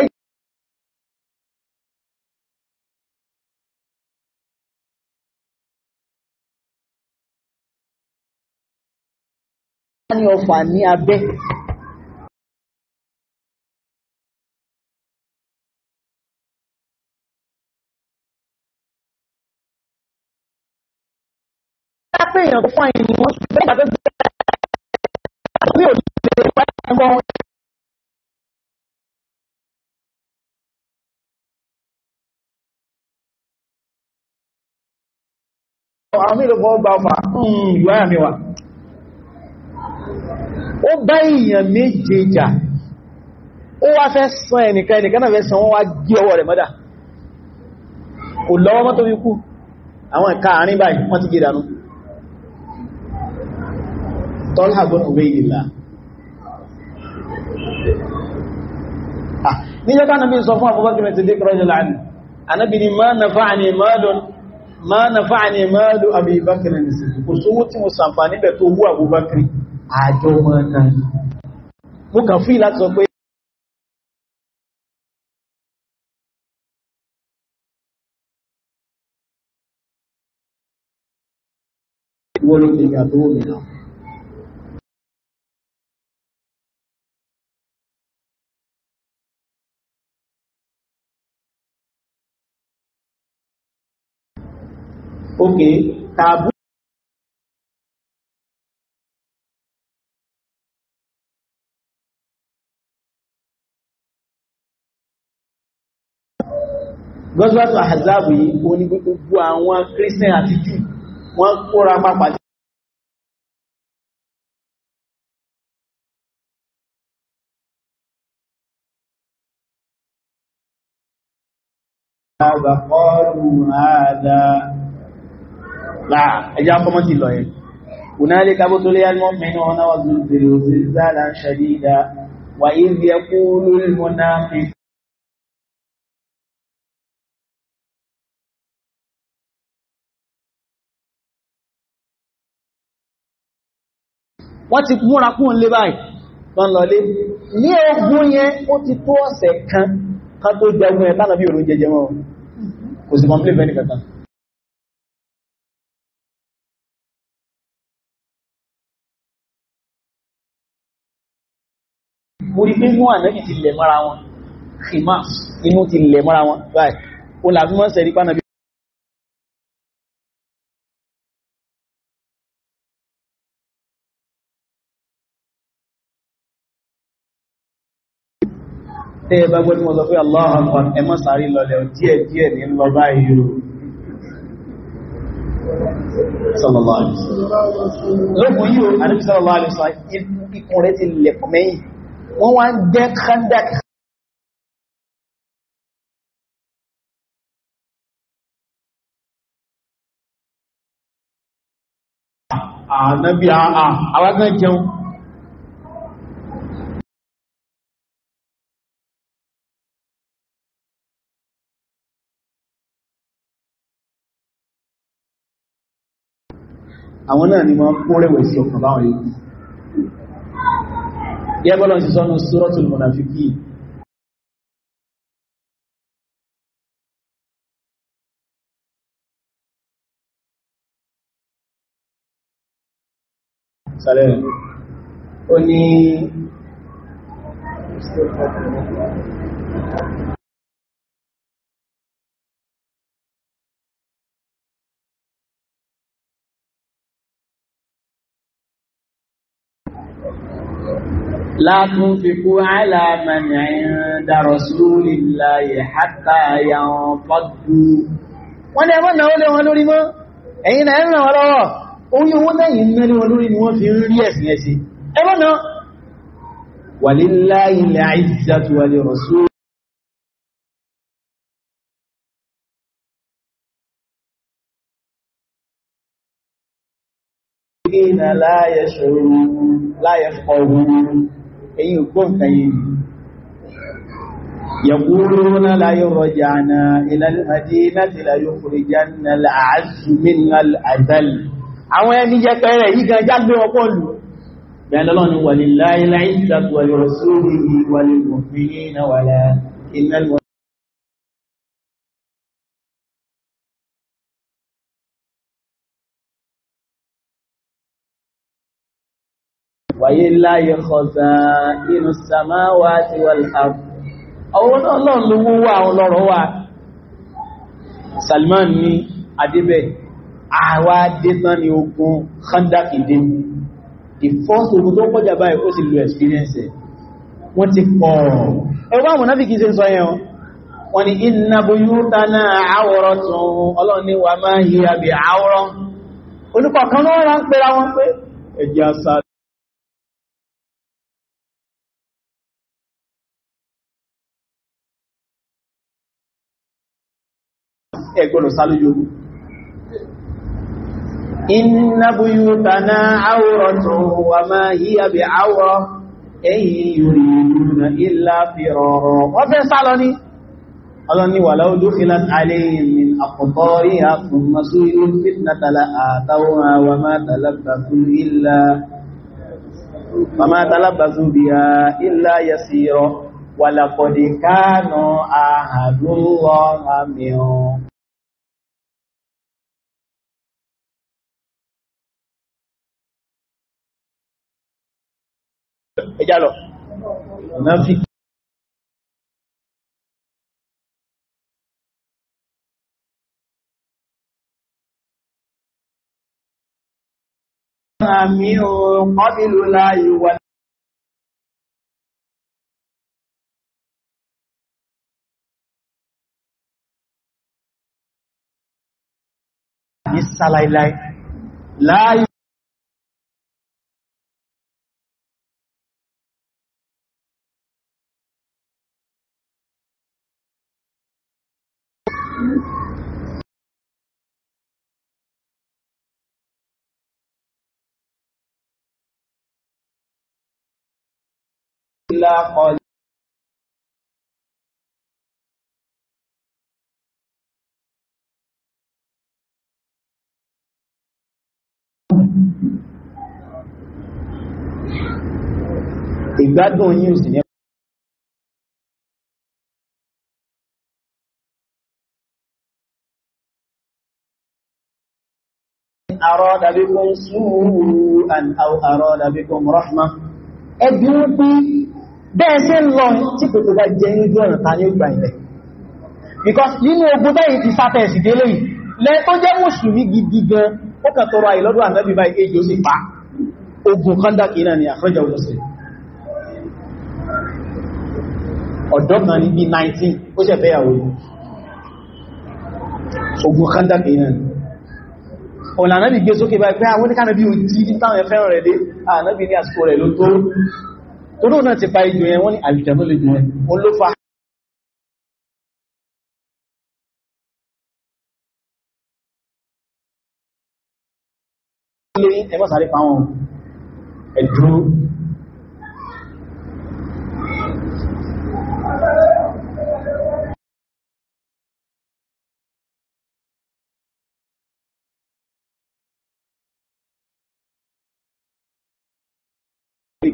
Ọlá ní ọfà ní abẹ́. Bá pé èèyàn tó fún àyìn wọ́n bẹ́ẹ̀ bá bẹ́ẹ̀ bẹ́ẹ̀ ní òṣèlú ìpá ẹgbọ́n àwọn
ìlú kan gba ọfà hmm, ìwáyà mi wà ó bá èèyàn méje jà ó wá fẹ́ san ẹnìkan ẹnìkan náà fẹ́ san wọ́n wá gé ọwọ́ rẹ̀ mọ́dà kò lọ́wọ́ mọ́ tó fi kú àwọn ẹ̀ka àárín báyìí wọ́n ti gé dànù anábi ni máa na fa'ani mádùn máa na fa'ani mádùn Abubakar Siddiq kò sówó tí mo sàǹfà níbẹ̀ tó wú Abubakar àjọ wọn náà mo kàn fún ìlàtí sọ pé
Okay, tàbí gọ́sùwátò àzáàbù yìí o ní gbogbo àwọn kírísítẹ̀n àti jù wọ́n kóra pápá jù
ẹjá kọmọ́ sí lọ yẹn kùnáàlì kábótó lè yálmọ́ mẹ́nu ọ̀nà wà zùzùrù zìzàlá ṣàdídà wà ìrìyà kúrò lórí mọ́ná fi
wọ́n ti múra kún
lé báyìí wọ́n lọ lé ní ogun yẹn ó ti tó ọ̀sẹ̀ kan ká tó jẹun ẹ̀ tánà bí òrùn jẹjẹ mọ́ kò sí complete bẹ́ẹ̀ nìkàtà
mo rí pé mú ànábì ti lẹ̀ mọ́ra wọn khimas inú ti lẹ̀ mọ́ra wọn báyìí ó làfí mọ́ sẹ̀rí pánàbí tẹ́ ẹ bá gbọ́ ní mọ́ sọ pé Allahu
Akbar ẹ má sáré lọlẹ̀ díẹ̀ díẹ̀ ní lọ báyìí o sallallahu alaihi wasallam lọ́gbọ̀n yíò Ànábì sallallahu alaihi wasallam ikùn rẹ̀ ti lẹ̀kùn mẹ́yìn àwọn agbẹ́
jẹun àwọn náà ni wọ́n kún rẹ̀wẹ̀sí ọkàn báwọn yóò yẹ́bọ́lọ́ sí sọ́nà suratul munafiqin sàlẹ̀ ó ní
لا تنفقوا على من عند رسول الله حتى ينفضوا wọ́n ní ẹmọ́ náà lé wọn lórí mọ́ ẹ̀yin náà ẹ̀rìn àwọn lọ́wọ́ orí owó lẹ́yìn mẹ́rin wọn lórí ni wọ́n fi ń rí ẹ̀sìn ẹ̀sìn ẹmọ́ náà walillahi al-izzatu wa lirrasul لا يشعرون لا يفقهون ẹ̀yin ògbóǹkan yìí يقولون لا يرجعنا إلى المدينة لا يخرجن العز من الأذل àwọn ẹni jẹ́ pẹ̀rẹ̀ yìí gan jágbé ọkọ̀ lù bẹ̀lọ́lọ́ni wà ní lillahi khaza'inus samawati wal ard ọ̀rọ̀ náà lọ́n ló wó wà àwọn lọ́rọ̀ wà Salman ní adébẹ̀ àwá dẹ́tàn ní ogun khandakidin the first ogun tó kọjá báyìí ó sì lo experience wọ́n ti pọ̀ ẹwà mọ̀ náà fi kìí ṣe sọ yẹn wọ́n ni inna buyutana awratun ọlọ́ni wà máa yí àbí àwọ̀rọ̀ olùkọ̀ọ̀kan lọ́wọ́ rán pẹ́ra wọn pé ẹjẹ́ àṣà ẹgbọ́nà sálójú ogun inna buyutana awratun wa ma hiya bi awra ẹ̀yìn yuriduna illa firara wọ́n fẹ́ sálọ ní ọlọ́ni wà láwọ́ dúkìlá aléyìn àkọ̀bọ́rí àkùn masu irun fitna tala àtàwọn wa ma talabbasu illa وما تلبسوا بها إلا يسيرا الله من
ẹjá lọ mùnáfíkì àmì ọ̀pọ̀bílù láàyè wà ní sàlàìláì láàyè إلا قليلا ìgbádùn yíò sì ní
àrọ́dà bikum su'an aw àrọ́dà bikum rahma ẹgbẹ́ wọ́n pín bẹ́ẹ̀ lọ tí kò tó bá jẹ níjú ọ̀nà ta ní ìgbà ilẹ̀. because nínú ogun tẹ́yìn ti sáfẹ́ ẹ̀sì délé yìí lẹ́ tó jẹ́ mùsùlùmí gidi gan ó kà tọrọ àìlọ́dọ̀ ànábì bá èjì ó sì pa ogun kọ́ndàkì náà ni àfẹ́jà olóṣèlú ọ̀dọ́ kan ní 19 ó ṣẹ̀ fẹ́ yàwó toró náà ti pa ejò yẹn wọ́n ní àlìjẹ̀nú lè jù yẹn wọ́n ló fa
lórí ẹgbọ́sàrí pa wọn ẹ̀dúró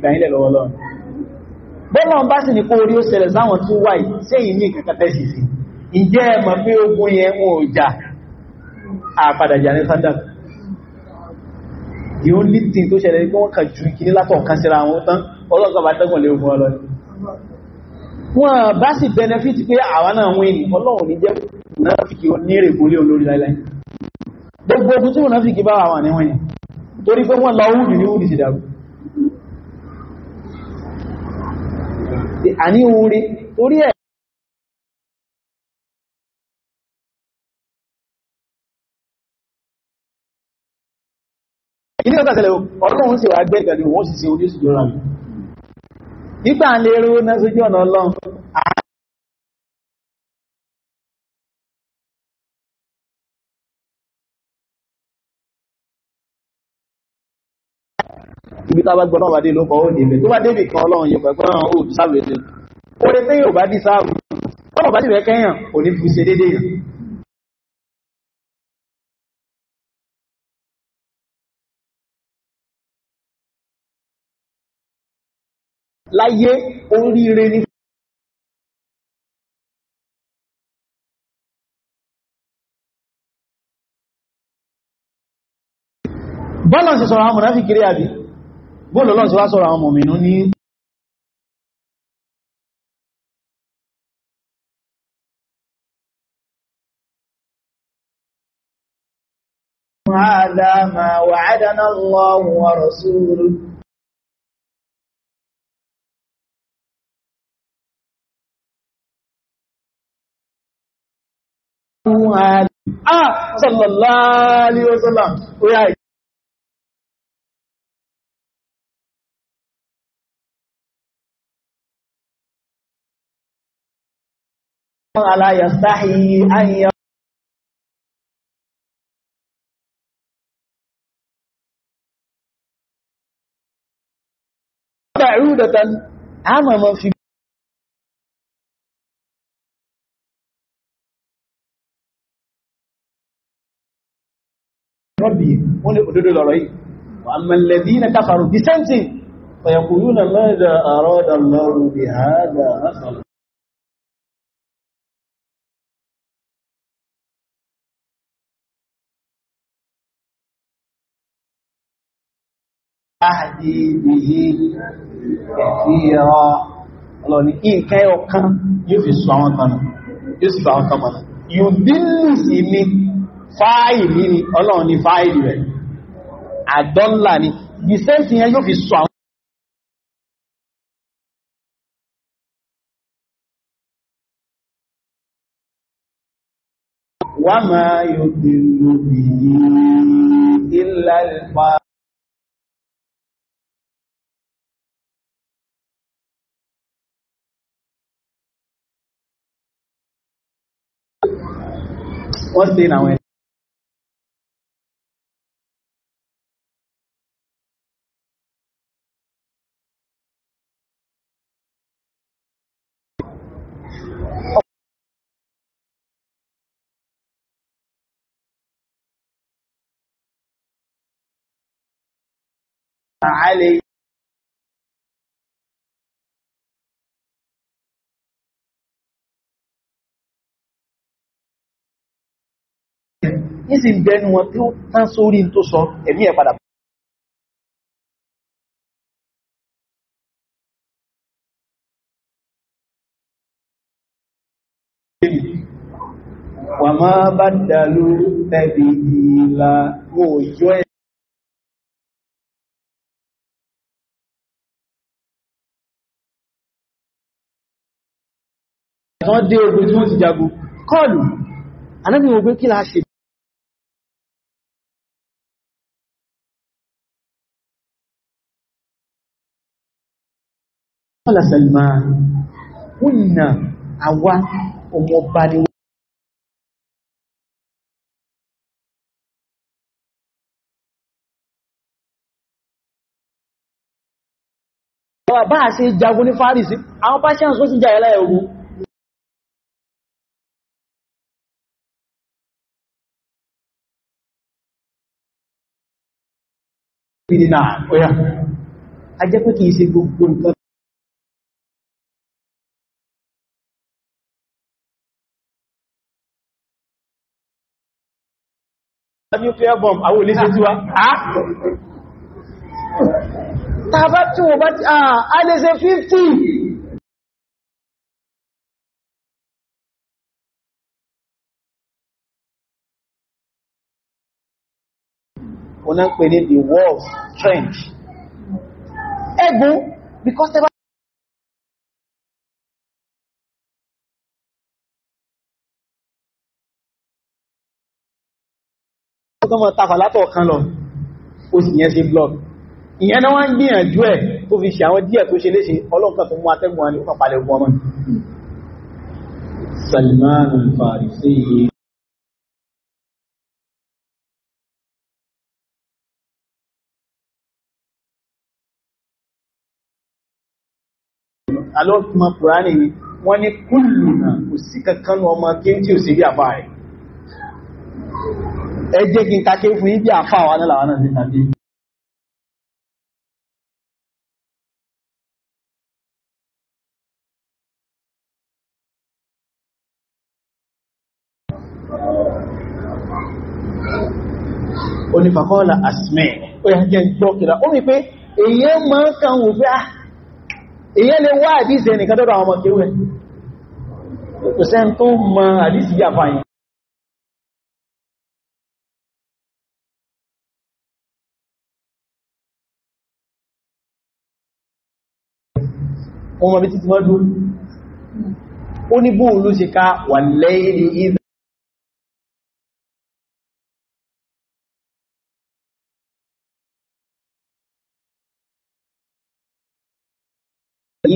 gbàyìnlẹ̀
lọ́wọ́ lọ́rùn bọ́lọ̀n bá sì ní kó orí ó ṣẹlẹ̀ sáwọn tó wà yìí sí èyí ní ìkẹta tẹ́sì the only thing tó ṣẹlẹ̀ pé wọ́n kà ju ìkíní látọ̀ kan síra àwọn tán ọlọ́gbà tẹ́gùn lé ogun ọlọ́ wọn bá sì benefit pé àwa náà wọ́n ni ọlọ́run ní jẹ́ mùnáfìkì onírègbò lé olórí láìláì gbogbo ogun tí àní orí orí ẹ̀
ilé ọ̀tà tẹ́lẹ̀ ọlọ́run sì wà gbẹ́ ìgbẹ̀lú wọ́n sì sí oníṣùgbọ́n rẹ̀ nígbà lérò náà sójú ọ̀nà
ibi tá bá gbọ́nà wà dé ló kọ́ ó níbẹ̀ tó bá débì kan ọlọ́run yẹ pẹ̀pẹ́ ọ̀rọ̀ ó sáàrù ètò orí tí yóò bá dí sáàrù ọ̀nà bá dìbẹ̀
kẹ́yàn ò ní fi ṣe dédé yàn láyé oríire ní bọ́lá ṣe sọ̀rọ̀ àwọn mọ̀ná fi kiri àbí bóòlù lọ́n sí wá sọ́rọ̀ àwọn mọ̀mìnú ní وعدنا الله ورسوله Ah, sallallahu alaihi wasallam. Oya ولا يستحي أن يرى عودة أمام في
ربي ولدد لرأي وأما الذين كفروا بسنسي فيقولون ماذا أراد الله بهذا أصلا
àdé ìhé
ẹ̀fíra ọlọ́ni ìkẹ́ ọkàn yóò fi sọ àwọn kanà yóò sì bá àwọn kan mọ̀nà yóò dínú sí mi fáìlì ni ọlọ́run ni fáìlì rẹ̀ àdọ́là ni the same thing yóò fi sọ àwọn
wà máa yóò dínú bí ilẹ̀ ìpàá wọ́n ṣe àwọn ẹni عليه ìsì ń bẹnu wọn tí ó tán sórí tó sọ ẹ̀mí ẹ̀ padà wà máa bá dàlú tẹ́bí ìlà òjò ẹ̀ Àwọn dé ogun tí wọ́n ti jagun, kọlù, anábìnrin ogun kí láà ṣe Kọ́lá Salman, wọ́n na àwa ọmọ ọba ni wọ́n bá ṣe jagun ní Fárísì, àwọn Persians ló sì jà ẹlẹ́ ẹ̀rù. Ìrìnà, ọ̀yá, a jẹ́ pé kìí ṣe gbogbo nǹkan nuclear bomb àwọn olèṣe tí wá tàbá tí wọ́n bá ti àà ah, lè ṣe 50 wọ́n náà pè ní the war of strength ẹgbùn because tó mọ̀ tafà látọ̀
kan lọ ó sì yẹn ṣe blog ìyẹn náà wọ́n ń gbìyànjú ẹ̀ tó fi ṣe àwọn díẹ̀ tó ṣe léṣe ọlọ́nkan tó mú atẹ́gùn àní ó pàpàlẹ̀ ogun ọmọ Salman
al-Farisi
alọ́pùmọ̀ kùránì wọ́n ní kúlù náà kò sí kankan ọmọ kí n tí ò sí bí àbá ẹ jẹ́ kí n kàké fún ibi
àfà wà náà làwọn náà ti tàbí
onífàkọ́ọ̀lá asmẹ́ ó yá jẹ́ gbọ́kìlá ó rí pé èyẹ máa kan wò pé ah, èyẹ lè wá àdíṣẹ́ nìkan dọ́dọ̀ àwọn ọmọ kéwẹ́ O sẹ́n tó
mọ àdíṣì yà fáyìn ọmọ bí títí mọ́dún ó ní bóò ló ṣe ká wà lẹ́yìn ìdá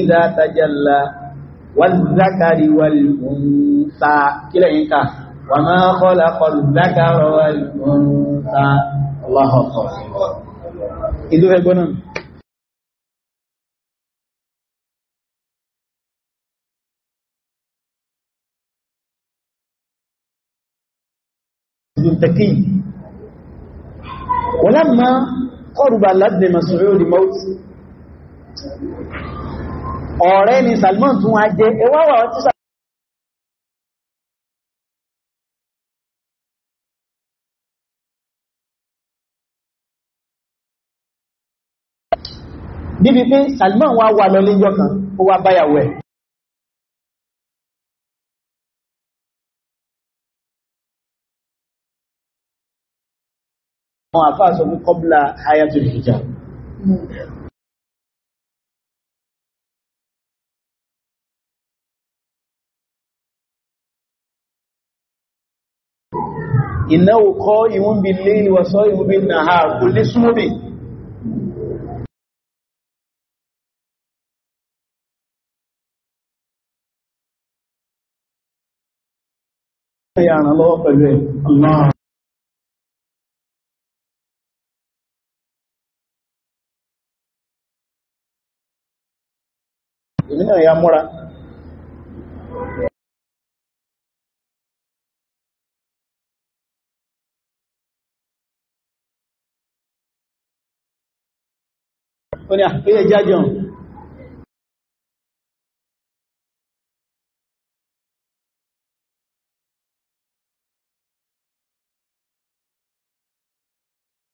ìdá tajalla wà zákàrí wà lùmùta kílẹ̀ yínká wà máa kọ́lá kọlù zákàrí wà lùmùta
Allahu akbar. Ìlú ẹgbọ́n náà. عبد تقي
ولما قرب لابن مسعود موت ọ̀rẹ́ ni Salman tún wá jẹ́ ẹwàwà ọtí
níbi pé Salman wá wà lọ lẹ́yọ́ kan ó wá báyàwó ẹ̀ àwọn àfáà sọ pé kọ́bílà ayatul hijab ìnáwó kọ́ ìwọ́n bí lè ìwọ̀sọ́ ìwọ́n bí náà kò lè súnmọ́ bí Ìyàrán pẹ̀lú ẹ̀. ya múra ó ní àpéyẹ ah, jájọ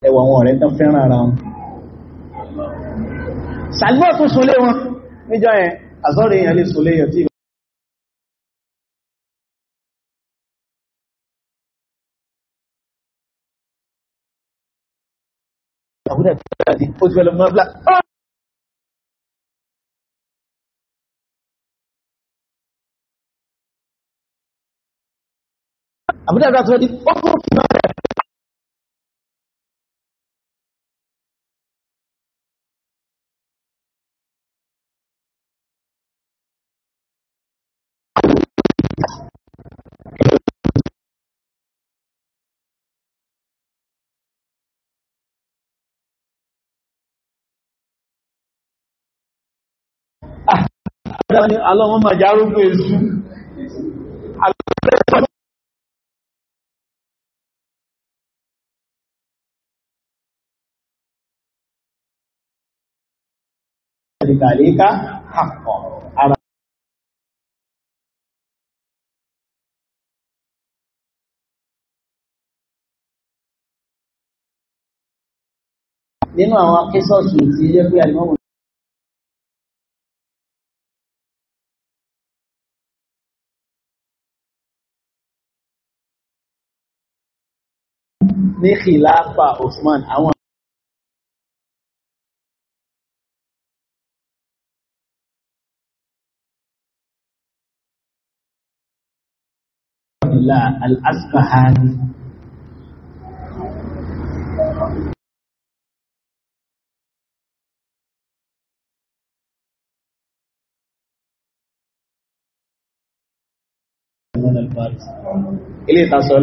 ẹwà àwọn ọ̀rẹ́ tán fẹ́ràn ara wọn sàgbọ́ tún súnlé wọn níjọ́ yẹn àsọ́rọ̀ èèyàn lè sọlé èèyàn tí àbúdà tí ó ti ó ti ní alọ́wọ́n máa járúgbó èsù Àdìkàríká àpọ̀ ara. Nínú àwọn akẹ́sọ̀sù tí yẹ́ pé àìmọ́wọ̀n ní kìláàfà Usman àwọn al-Asfahani ilé ìtasọ̀lá